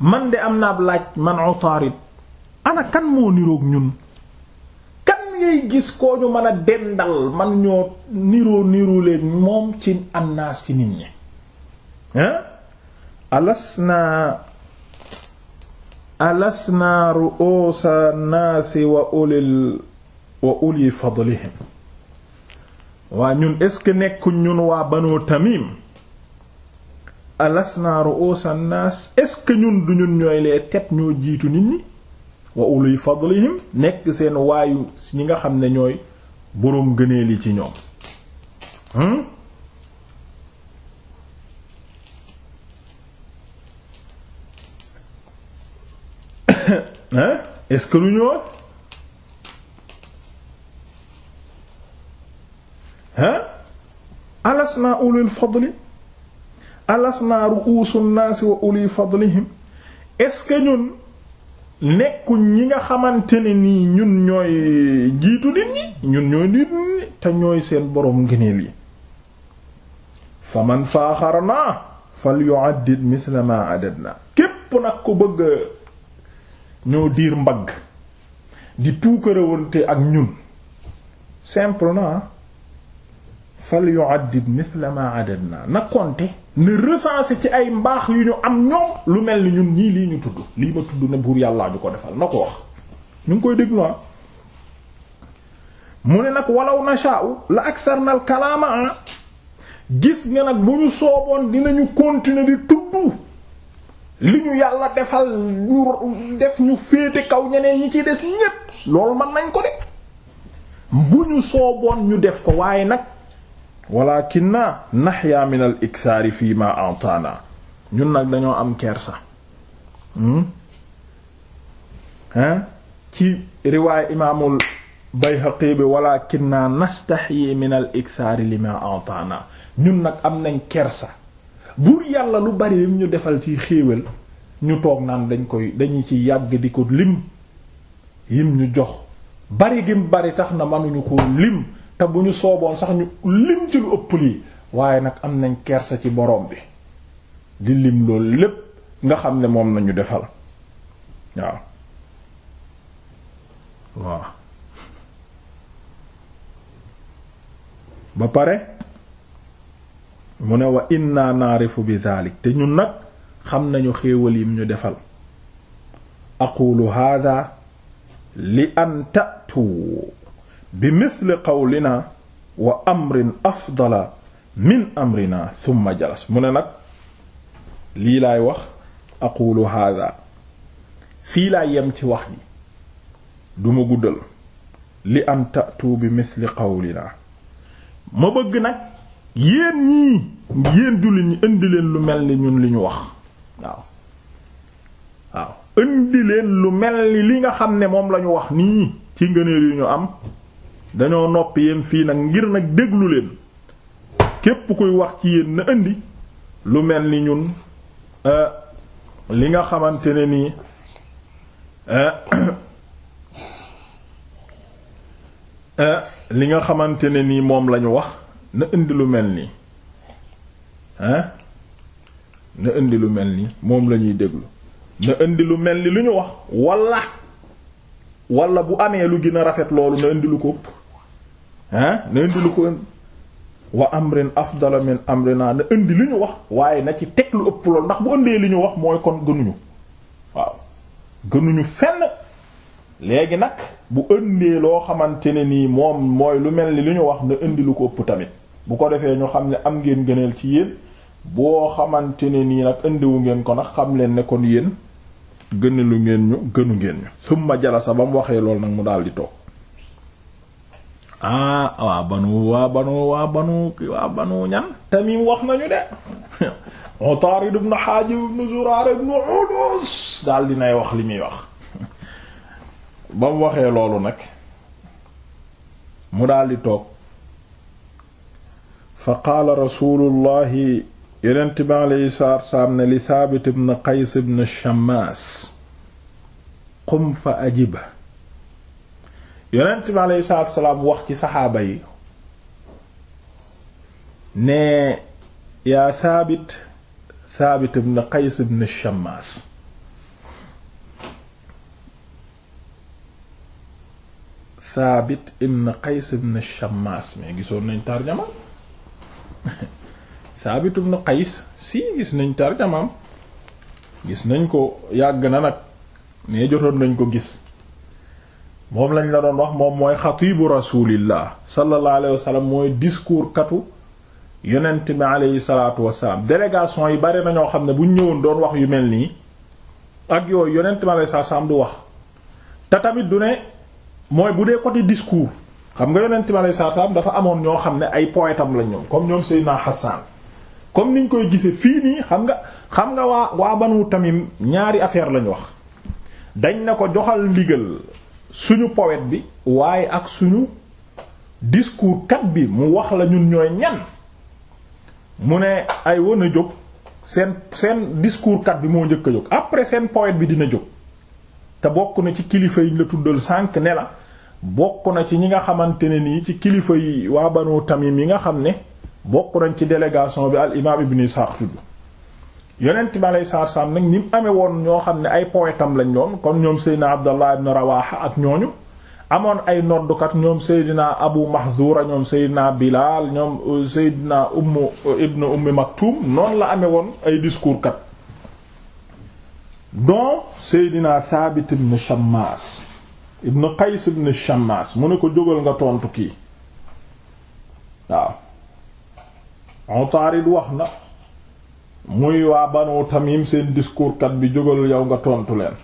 man de am naab laaj man utaarid ana kan moo niroog ñun kan ngay gis koo ñu mën a dendal man ñoo niroo niruleen moom ci annaas ci nit ñi hein alas naa naasi wa ulil wa uli fadlihim waa ñun est-ce que nekk ñun waa banu tamim alasna ru'usa nnaas ce que ñun du ñun ñooy ñoo jiitu nit ñi wa uluy fadlihim nekk seen waayu ñi nga xam ne ñooy boroom gënee li ci ñoom hmm? [COUGHS] hein est-ce que lu ñu woon hein alasna ulul fadli alasna ru'usu nnaasi wa uli fadlihim est-ce que ñun nekkuñ ñi nga xamante ne nii ñun ñooy jiitu nit ñi ñun ñooy nit ñi te ñooy seen boroom ngëneel yi fa man faaxarna fal yu'addid mithla ma adadna képp nag ko bëgg ñoo diir mbagg di puukarewante ak ñun simplement fal yu'addid mithla ma adadna na compter ni recensé ci ay mbaax yu ñu am ñoom lu mel ni ñun ñii lii ñu tudd lii ma tudd na buur yàllaa ñu ko defal na ko wax ñu ngi koy déglu ah. mu ne nag walaw nasha'u la ak al kalama ah. gis nga nag bu ñu sooboon dinañu continuer di tudd li ñu yàlla defal ñu def ñu féete kaw ñeneen ñi ci des ñépp loolu mën nañ ko de bu ñu sooboon ñu def ko waaye nag walakinna naxyaa min al iksaari fii ma ataana ñun nag dañoo am kersa hmm? hein ci riwaay imaamul Bayhaqi bi walakinna nastaxyi min al iksaari li ma ataana ñun nag am nañ kersa buur yàlla lu bari lim ñu defal ci xéewal ñu toog naan dañ koy dañu ci yàgg di ko lim yim ñu jox bari gim bari tax na mënuñu ko lim te bu ñu sooboon sax ñu lim ci lu ëpp lii waaye nag am nañ kerse ci borom bi di lim loolu lépp nga xam ne moom nañu defal waaw waaw ba pare mu ne wa inna naarifu bi daalik te ñun nag xam nañu xéewal yi ñu defal aqulu hada li an tatu bi mithli qawlina wa amrin afdala min amrina thumma jalas mu ne nag lii laay wax aqulu hadha fii laay yem ci wax ji duma guddal li an tatu bi mithli qawlina ma bëgg nag yéen ñii yéen jullit ñi indi leen lu mel ni ñun li ñu wax waaw indi leen lu mel ni li nga xam ne moom lañu wax nii ci ngëneel yu ñu am dañoo noppi yéen fii nag ngir nag déglu leen képp kuy wax ci yéen na indi lu mel ni ñun euh, li nga xamante ne nii euh, [COUGHS] euh, li nga xamante ne nii moom lañu wax na indi lu mel ni hein na indi lu mel ni moom lañuy déglu na indi lu mel ni lu ñu wax walla walla bu amee lu gën a rafet loolu na lu ko ah na indi lu ko wa amrin afdala amrina na indi li ñu wax waaye na ci teg lu ëpp lool ndax bu ëndee li ñu wax mooy kon gënuñu waaw gënuñu fenn léegi nag bu ëndee loo xamante ne nii moom mooy lu mel ni li ñu wax na indilu lu ko ëpp tamit bu ko defee ñu xam ne am ngeen gëneel ci yéen boo xamante ne nii nag indiwu ngeen ko nag xam leen ne kon yéen gënalu ngeen ñu gënu ngeen ñu summa jala sa ba mu waxee lool nag mu daal di toog ah waa banu waa banu waa banu ki waa banu ñan tamim wax nañu de [LAUGHS] Utaarid ibn Haajib ibn Zuraara ibn Udus daal dinay wax li muy wax [LAUGHS] ba mu waxee loolu nag mu daal di toog fa qaala rasuulullahi yonent bi alayhi salaatu wa salaam ne li Saabit ibn Qays ibn Shammaas qum fa ajibhu yonent bi aleyhi salaatu wax ci saxaaba yi ne yaa Thabit Thabit ibn Qays ibn Shammas Thabit ibn Qays ibn Shammas mais gisoon nañ tarjamaam [LAUGHS] Thabit ibn Qays si gis nañ tarjamaam gis nañ ko yàgg na nag mais jotoon nañ ko gis moom lañ la doon wax moom mooy xatibu rasulillah sallallahu alayhi wa sallam mooy discours katu yonent bi aleyhi salaatu wasalaam délégation yi bari nañoo xam ne bu ñëwoon doon wax yu mel nii ak yooyu yonent bi aleyhi salaatu wasalaam du wax te tamit du ne mooy bu dee côté discours xam nga yonent bi aleyhi salaatu wasalaam dafa amoon ñoo xam ne ay poète am lañ ñoom comme ñoom Seydina Hassan comme niñ koy gisee fii nii xam nga xam nga waa waa Banu tamit ñaari affaire lañ wax ne ko joxal ndigal suñu poète bi waaye ak suñu discours kat bi mu wax la ñun ñooy ñan mu ne ay wan a jóg seen seen diskuurkat bi moo njëkk a jóg après seen poète bi dina jóg te bokk na ci kilifa yi la tuddal sànq ne la bokk na ci ñi nga xamante ne nii ci kilifa yi waa Banu tamit yi nga xam ne bokk nañ ci délégation bi al imaam Ibn Ishaq tudd yeneen bi alayhi salaatu salaam nag ñi mu amee woon ñoo xam ne ay poètam lañ doon kon ñoom Seydina Abdallah ibn Rawaha ak ñooñu amoon ay noddukat ñoom Seydina Abu Mahzura ñoom Seydina Bilal ñoom euh, Seydina Ummu euh, ibn Ummi Maktum noonu la amee woon ay discours kat donc Seydina Thabit ibn Shammas ibn Qays ibn Shammas mu ne ko jógal nga tontu kii waaw Utarid wax na muy waa Banu Tamim seen discours kat bi jógal yow nga tontu leen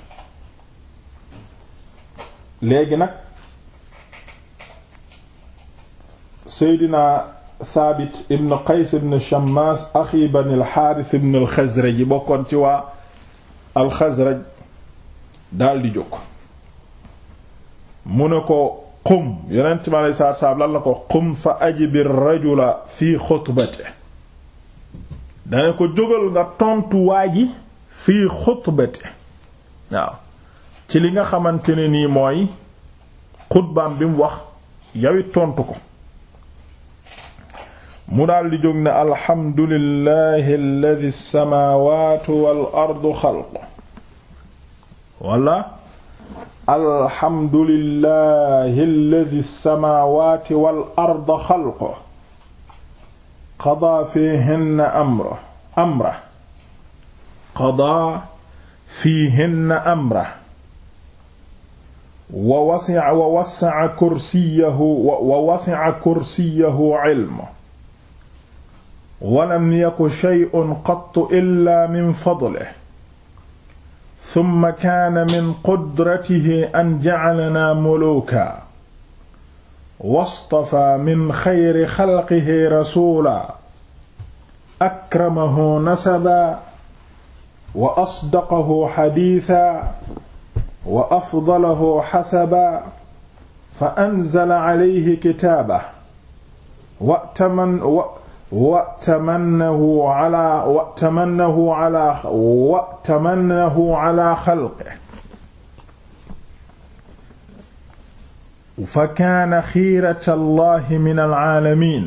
léegi nag Seydina Thabit ibn Qays ibn Shammas axi Bani al-Harith ibn bokkoon ci waa al-Khazraj daldi jóg mu ne ko qum yeneen ma lay saar saab lan la ko qum fa ajibir rajula fi xutbatihi dana ko jógal nga tontu waa ji fii xutbati waaw ci li nga xamante ne nii mooy xutbaam bi mu wax yawit tontu ko mu daldi jóg ne alhamdulillahi alladi samaawaatu wal ardu xalq wala alhamdulillahi alladi samaawaati wal ardu xalq qadaa fiihinna amra amra qadaa fiihinna amra wa wasi'a wa wasi'a kursiyahu wa wasi'a kursiyahu ilmu wa lam yakun shay'un qattu illaa min fadlihi thumma kaana min qudratihi an ja'alanaa muluukan wastafa min xayri xalqihi rasuula akramahu nasaba wa asdaqahu xadiisa wa afdalahu xasaba fa anzala alayhi kitaaba watamannahu ala watamannahu ala watamannahu ala xalqihi fa kaana xiirata allahi min alaalamin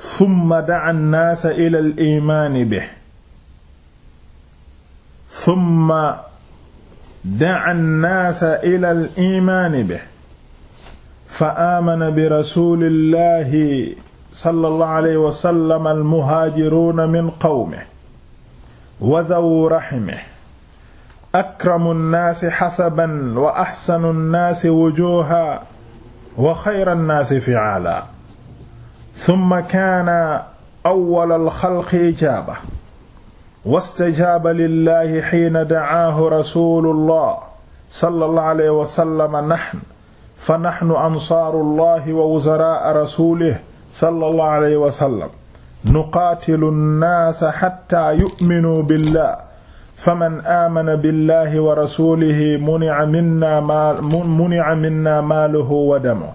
summa da'a nnaasa ila al imaani bi summa da'a nnaasa ila al imaani bi fa aamana bi rasuulillahi sallallahu alayhi wa sallam almuhaajiruuna min qawmihi wa dhaw raxmihi akramu nnaasi xasaban wa axsanu nnaasi wujuha wa xayra nnaasi fiaala summa kaana awwala alxalqi ijaaba wastajaaba lillahi xiina dacaahu rasulullah sallallahu alayhi wa sallam naxnu fa naxnu ansaarullahi wa wuzaraa'a rasulihi sallallahu alayhi wa sallam nuqaatilu nnaasa xatta yu'minuu billah faman aamana billahi wa rasulihi munia minna ma munia minna maaluhu wa damuhu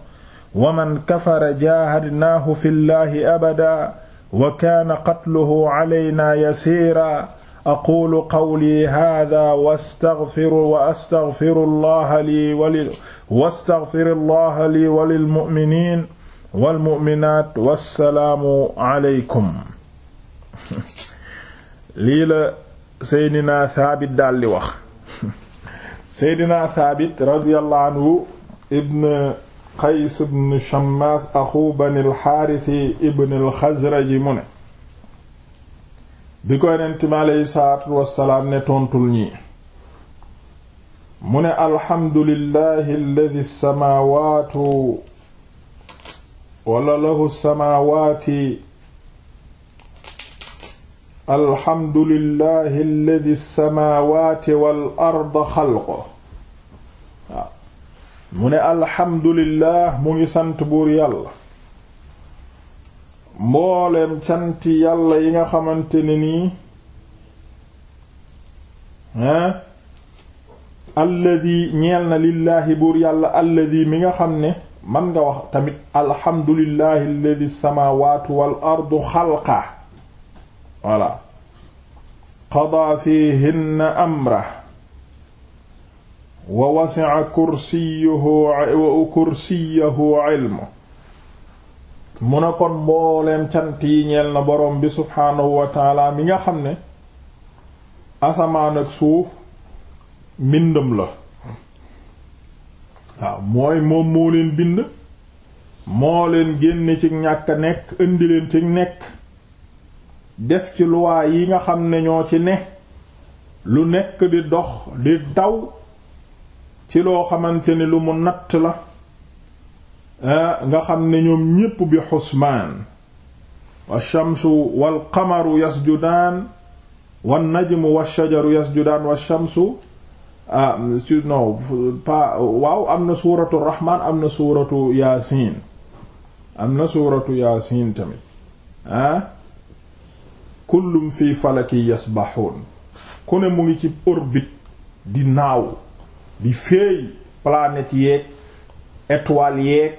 wa man kafara jaahadnaahu fi llahi abada wa kaana qatluhu calaynaa yasiira aqulu qawlii haadaa wastaghfiru wa astaghfiru llaha lii wali wastaghfiru llaha lii wa lilmu'miniina wal mu'minaat wassalaamu aleykum [LAUGHS] lii la seydina thabit daldi wax seydina thabit radiyallahu anhu ibn qays ibn shammas axu bani alxaarisi ibn alxazraji mu ne bi ko yonent mi aleyhi salaatu wassalaam ne tontul ñi mu ne alhamdulillahi alladi samaawaatu wala lahu samaawaati alhamdulillahi alladi samaawaati wal arda xalqo waaw mu ne alhamdulillah mu ngi sant buur yàlla mbooleem canti yàlla yi nga xamante ne nii hein alladi ñeel na lillaahi buur yàlla alladi mi nga xam ne man nga wax tamit alhamdulillahi alladi samaawaatu wal ardu xalqa voilà qadaa fiihinna amra wa wasi'a kursiyuhu wa kursiyuhu ilmu mu ne kon mbooleem cant yi na boroom bi subhaanahu wa mi nga xam ne asamaan ak suuf mbindam la waaw mooy moom moo leen bind moo leen génne ci ñàkk nekk indi leen ci nekk def ci luwaa yi nga xam ne ñoo ci ne lu nekk di dox di daw ci loo xamante ni lu mu natt la ah, nga xam ne ñoom ñépp bi xusmaan wa shamsu wal qamaru yasjudaan wan najmu washajaru yasjudaan wa shamsu ah non pas waaw am na suuratu rahmaan am na suuratu yaasiin am na suuratu yaasiin tamit ah kullum fi falaki yasbaxuun ku ne mu ngi ci orbite di naaw di féey planète yeeg étoile yeeg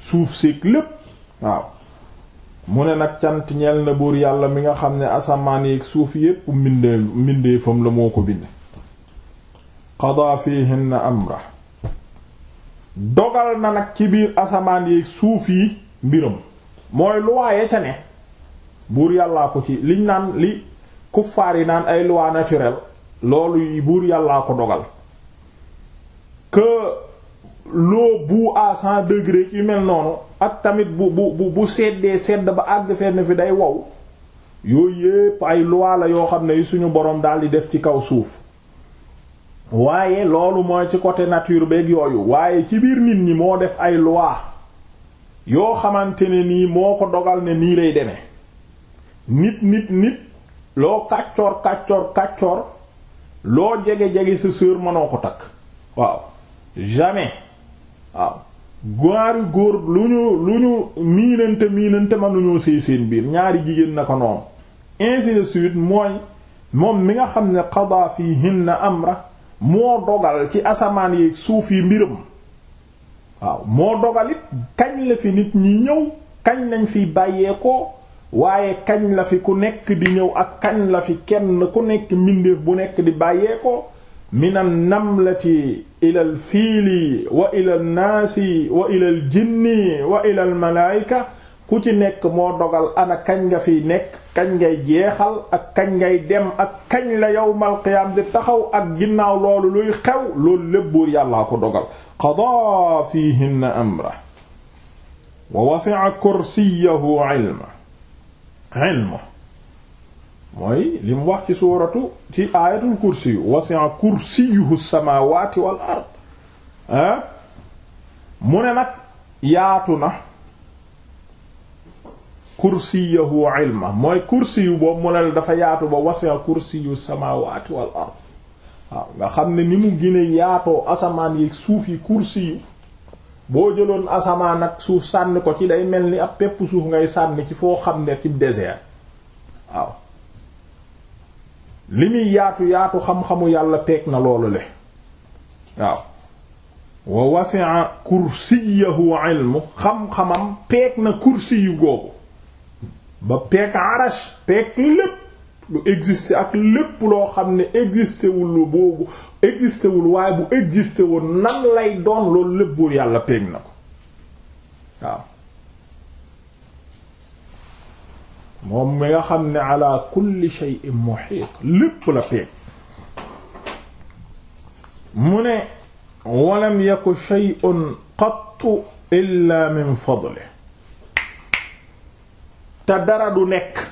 suuf seeg lépp waaw mu ne nag cant ñeel na buur yàlla mi nga xam ne asamaan yeeg suuf yépp mbindee mbindeefam la moo ko bind qadaa fihinna amra dogal na nag ci biir asamaan yeeg suuf yi mbiram mooy luwaaye ca ne buur yàllaa ko ci liñ naan li kuffaar yi naan ay loi naturelle loolu yi buur yàllaa ko dogal que l'eau bout à cent degrés mel noonu ak tamit bu bu bu seddee sedd ba àgg fenn fi day wow yooyu yépp ay loi la yoo xam ne yi suñu boroom daal di def ci kaw suuf waaye loolu mooy ci côté nature beeg yooyu waaye ci biir nit ñi moo def ay loi yoo xamante ne nii moo ko dogal ne nii lay deme nit nit nit loo kàccoor kàccoor kàccoor loo jege-jege sa sœur mënoo ko takk waaw jamais waaw ñaari góor lu ñu lu ñu miinante miinante mënuñoo sëy seen biir ñaari jigéen na ko noonu ainsi suite mooy moom mi nga xam ne fi qada fihinna amra moo dogal ci asamaan yi suuf yi mbiram waaw moo dogalit kañ la fi nit ñi ñëw kañ lañ fi bàyyeekoo waaye kañ la fi ku nekk di ñëw ak kañ la fi kenn ku nekk mbindeef bu nekk di bàyyeekoo minan namlati ilal fiili wa ilal naasi wa ilal jinni wa ilal malaayika ku ci nekk moo dogal ana kañ nga fiy nekk kañ ngay jeexal ak kañ ngay dem ak kañ la yawmal qiyaam di taxaw ak ginnaaw loolu luy xew loolu lépp buur ko dogal qadaa fiihinna amra wa wasi'a kursiyahu ilma ilmu mooy li mu wax ci suuratu ci aayatul kursi yu wasi'a kursiyuhu samaawaati wal ard ah mu ne nag yaatu na kursiyuhu ilma mooy mu ne la dafa yaatu ba wasi'a kursiyu samaawaati wal ard waaw nga xam ne ni mu gën yaatoo asamaan yi suuf yi boo jëloon asamaan ak suuf sànni ko ci day mel ni ab pepp suuf ngay sànni ci foo xam ne ci désert waaw li muy yaatu yaatu xam-xamu yàlla peeg na loolu le waaw wa wasi'a kursiyahu ilmu xam-xamam peeg na kursi yu googu ba peeg arash peeg lépp lu exister ak lépp loo xam ne exister wul lu boobu exister wul waaye bu exister woon nan lay doon loolu lépp buur yàlla peeg na ko waaw moom mi nga xam ne ala kulli shay'in muhit lépp la peeg mu ne walam yaku shay'un qattu illa min fadlihi te dara du nekk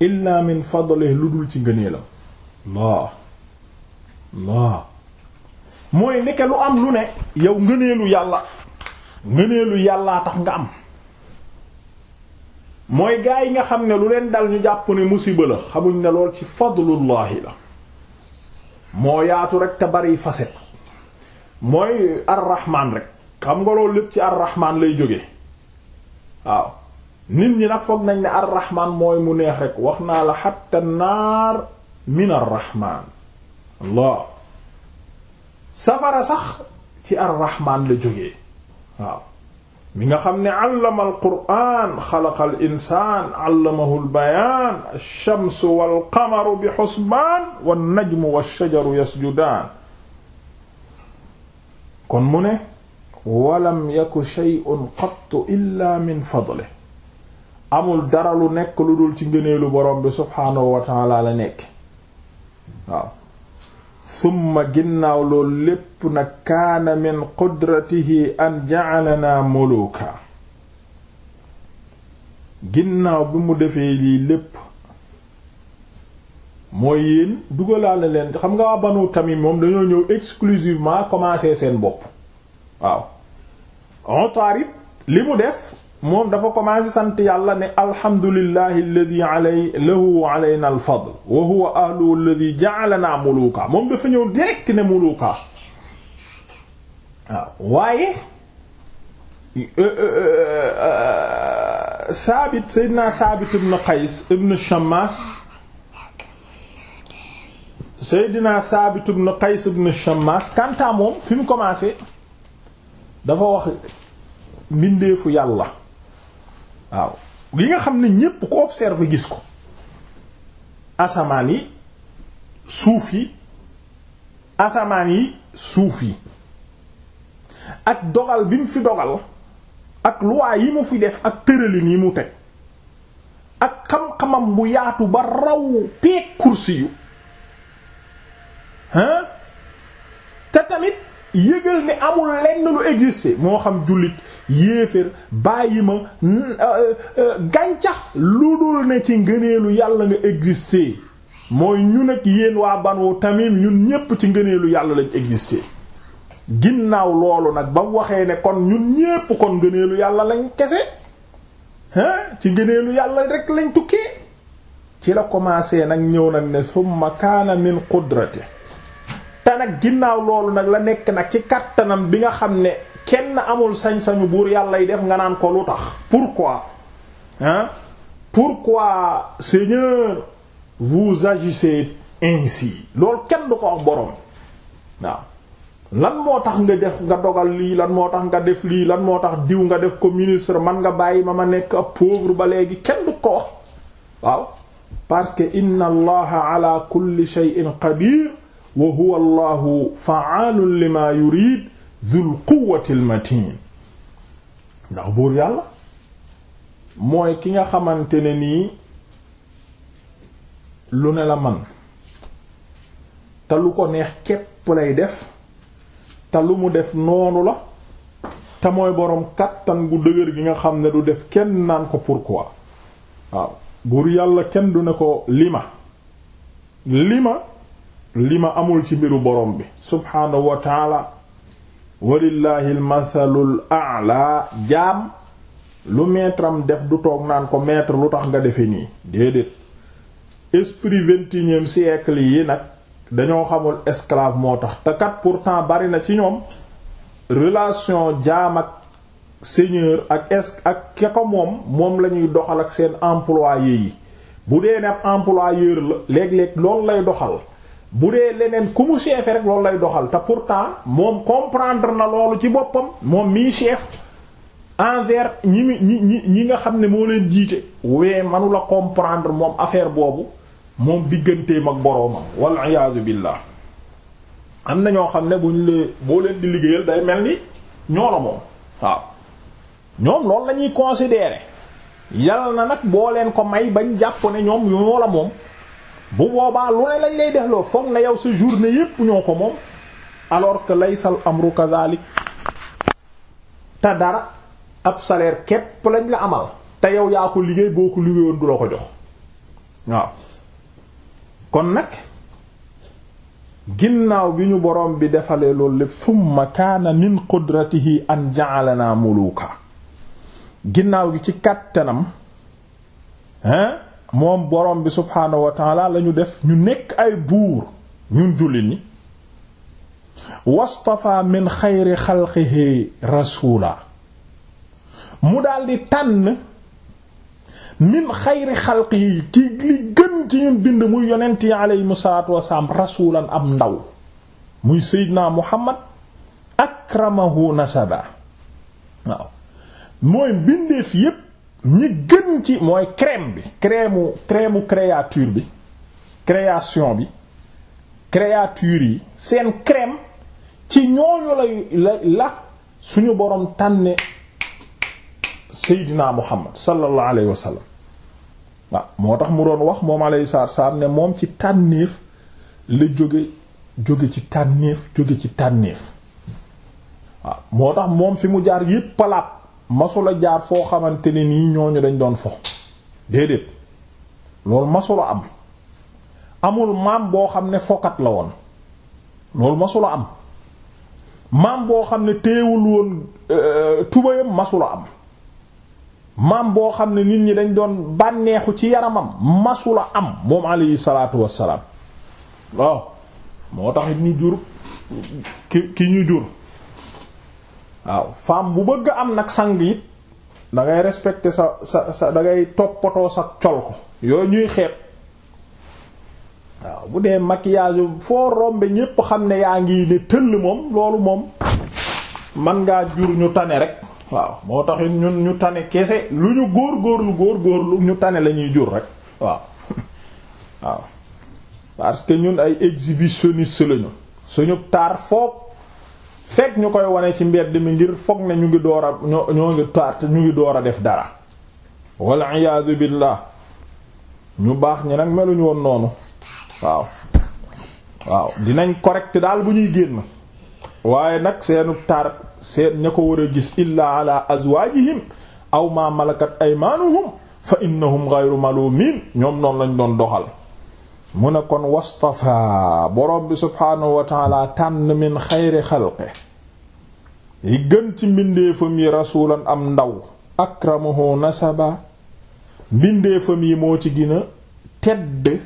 illa min fadlihi lu dul ci ngëneelam laa laa mooy ndeke lu am lu ne yow ngëneelu yàlla ngëneelu yàllaa tax nga am mooy gaa yi nga xam ne lu leen dal ñu jàpp ne musiba la xamuñ ne lool ci fadlullahi la moo yaatu rek te bari facette mooy arrahman rek xam nga loolu lépp ci arrahman lay jóge waaw nit ñi nag foog nañ ne arrahman mooy mu neex rek wax naa la xatta naar min arrahman Allah safara sax ci arrahman la jógee waaw mi nga xam ne allama alqur'an xalaqa al insaan allamahu albayaan alchamsu walqamaru bi xusbaan wannajmu walshajaru yasjudaan kon mu ne walam yaku shay'un qattu illa min fadlihi amul dara lu nekk lu dul ci ngëneelu borom bi subhaanahu wa la nekk waaw summa ginnaaw loolu lépp na kaana min qudratihi an ja'alana muluka ginnaaw bi mu defee lii lépp mooy yéen dugalaale leen xam nga waa Banu Tamim moom dañoo ñëw exclusivement commencer seen bopp waaw Utarid li mu def moom dafa commencé sant yàlla ne alhamdulillahi alladi alay lahu alayna alfadl wa huwa ahluhu alladi ja'alana moom dafa ñëw direct ne muluka waaw waaye e, e, e, saabit seydina saabit ibn qays ibn shammas seydina saabit ibn qays kanta moom fi mu commencé dafa wax mbindeefu yàlla waaw yi nga xam ne ñépp ko observé gis ko asamaan yi suuf yi asamaan yi suuf yi ak dogal bi mu fi dogal ak loi yi mu fi def ak tëralin yi mu teg ak xam-xamam bu yaatu ba raw peeg kursi yu hein te tamit yëgal ni amul lenn lu exister moo xam jullit yéeféer bàyyi ma euh, euh, gàncax lu dul ne ci ngëneelu yàlla nga exister mooy ñu ak yéen waa Banu Tamim ñun ñépp ci ngëneelu yàlla lañ exister ginnaaw loolu nag ba mu waxee ne kon ñun ñépp kon ngëneelu yàlla lañ kese hein ci ngëneelu yàlla rek lañ tukkee ci la commencé nag ñëw nag ne summa kaana min qudrati nag ginnaaw loolu nag la nekk nag ci kattanam bi nga xam ne kenn amul sañ-sañu buur yàlla def nga naan ko tax pourquoi hein pourquoi Seigneur vous agissez ainsi kenn du ko wax borom waaw lan moo tax nga def nga dogal lii lan moo tax nga def lii lan moo tax diw nga def ko ministre man nga bàyyi ma ma nekk ab pauvre ba léegi kenn du ko wax waaw parce que inna allaha ala kulli shay'in qadir wa huwa allahu fa'aalun lima yurid dhul ndax buur yàlla mooy ki nga xamante ne nii lu ne man te ko neex képp def te mu def noonu la te boroom kàttan gu dëgër gi nga xam ne du def kenn naan ko pourquoi waaw buur yàlla kenn du ne ko lima lima li ma amul ci mbiru borom bi subhaanahu wa taala walillahi almathalul a'la jaam lu maître def du toog naan ko maître lu tax nga defe nii déedéet esprit vingt-et-unième yi nag dañoo xamul esclave moo tax te kat pourtant bari na ci ñoom relation jaam ak seigneur ak es ak ke moom moom la ñuy doxal ak seen employé yi bu dee ne ab employeur la léeg-léeg loolu lay doxal bu dee leneen ku mu chef rek loolu lay doxal te pourtant moom comprendre na loolu ci boppam moom mii chef envers ñi ñi ñi ñi nga xam ne moo leen jiite wee manula comprendre moom affaire boobu moom digganteem ak boroomam wal iyaadu billah am na ñoo xam ne boo leen di liggéeyal day mel ni ñoo la moom waaw ñoom loolu lañuy considérer yàlla na nag boo leen ko may bañ jàpp ne ñoom ñoo la moom bu boobaa lu ne lañ lay defloo foog na yow sa journée yépp ñoo ko moom alors que laysal amru kadhalik te dara ab salaire képp lañ la amal te yow yaa ko liggéey boo ko liggéeyoon du la ko jox waaw kon nag ginnaaw bi ñu borom bi defalee loolu lépp summa kaana min qudratihi an ja'alana muluka ginnaaw gi ci kàttanam hein moom borom bi subhaanahu wa lañu def ñu nekk ay buur ñun jullit ñi wastafa min xayri xalqihi rasula mu daldi tànn min xayri xalqihi ki li gën ci ñun bind muy yonent yi aleyhim salaatu wasalaam rasulan am ndaw muy seydina muhammad akramahu nasaba waaw mooy mbindeef yépp ñi gën ci mooy crème bi crème crème créature bi création bi créature yi seen crème ci ñooñu la la suñu boroom tànne Seydina Muhammad sallallahu alayhi wa sallam waaw moo tax mu doon wax moom alayhi salaam ne moom ci tànneef la jóge jóge ci tànneef jóge ci tànneef waaw moo tax moom fi mu jaar yépp palaab masula jaar foo xamante ne nii ñooñu dañ doon fo déedéet loolu masula am amul maam boo xam ne fokat la woon loolu masula am maam boo xam ne téewul woon euh, tubayam masula am maam boo xam ne nit ñi dañ doon bànneexu ci yaramam masula am moom alayhi salaatu wassalaam waaw moo tax ñu jur ki ki ñu jur waaw femme bu bëgg am nag sang it dangay ngay sa sa sa da ngay toppatoo sa col ko yooyu ñuy xeet waaw bu dee maquillage foo rombe ñépp xam ne yaa ngi ne tëll moom loolu moom man ngaa jur ñu tane rek waaw moo taxit ñun ñu tane kese lu ñu góor góor lu góor góorlu ñu tane la ñuy jur rek waaw [LAUGHS] waaw parce que ñun ay exhibitionniste lañu suñu taar foop fekk ñu koy wane ci mbedd mi ngir foog ne ñu ngi door a ñoo ngi tart ñu ngi door a def dara walla iyaadu billaah ñu baax ñi nag meluñu woon noonu waaw dinañ correct daal bu ñuy génn waaye nag seenu tar seen ña ko war a gis illaa ala azwaajihim aw ma malakat aymaanuhum fa innahum ghayru malumin ñoom noonu lañ doon doxal mu ne kon wastafa borom bi subhaanahu wa tànn min xayri xalqi yi gën ci mbindeefam yi rasulan am ndaw akramuhu nasaba mbindeefam yi moo ci gina a tedd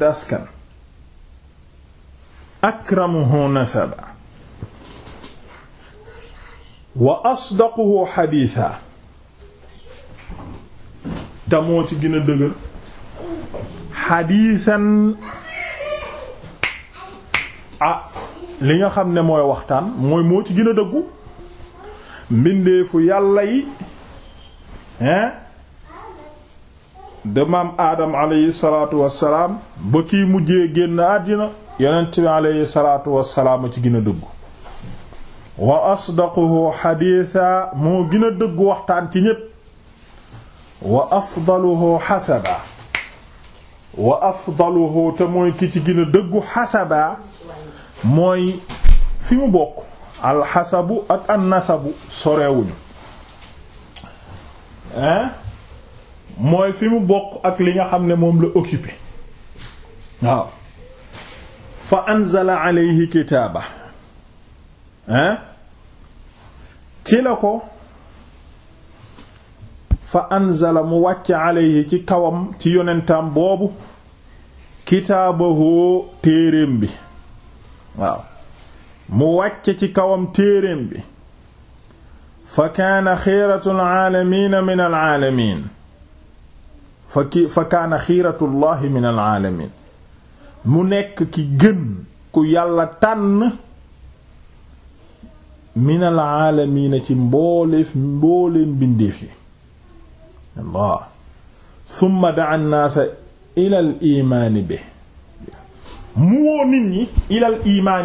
askan akramuhu nasaba wa asdaquhu xadiisa te moo ci gën a dëgër xadiisan ah li nga xam ne mooy waxtaan mooy moo ci gën a dëggu mbindeefu yàlla yi hein de maam aadam alayhi salaatu wassalaam ba kiy mujjee génn àddina yonent bi alayhi salaatu wassalaam a ci gën a dëggu wa asdaquhu xadiisa moo gën dëggu waxtaan ci ñépp wa afdaluhu xasaba wa afdaluhu te mooy ki ci gën dëggu xasaba mooy fi mu bokk ak mooy fi bokk ak li nga xam ne moom la occupé waaw fa anzala alayhi kitaaba hein ci la ko fa anzala mu wàcc alayhi ci kawam ci yonentaam boobu kitaabahu téereem bi mu wàcc ci kawam téereem bi fa kaana xiiratu alaalamina min alaalamin min mu nekk ki gën ku yàlla tànn min alaalamina ci mbooleef mbooleem bindeef yi allah thumma daa nnaasa ila al imaani bi mu woo nit ñi ilal imaani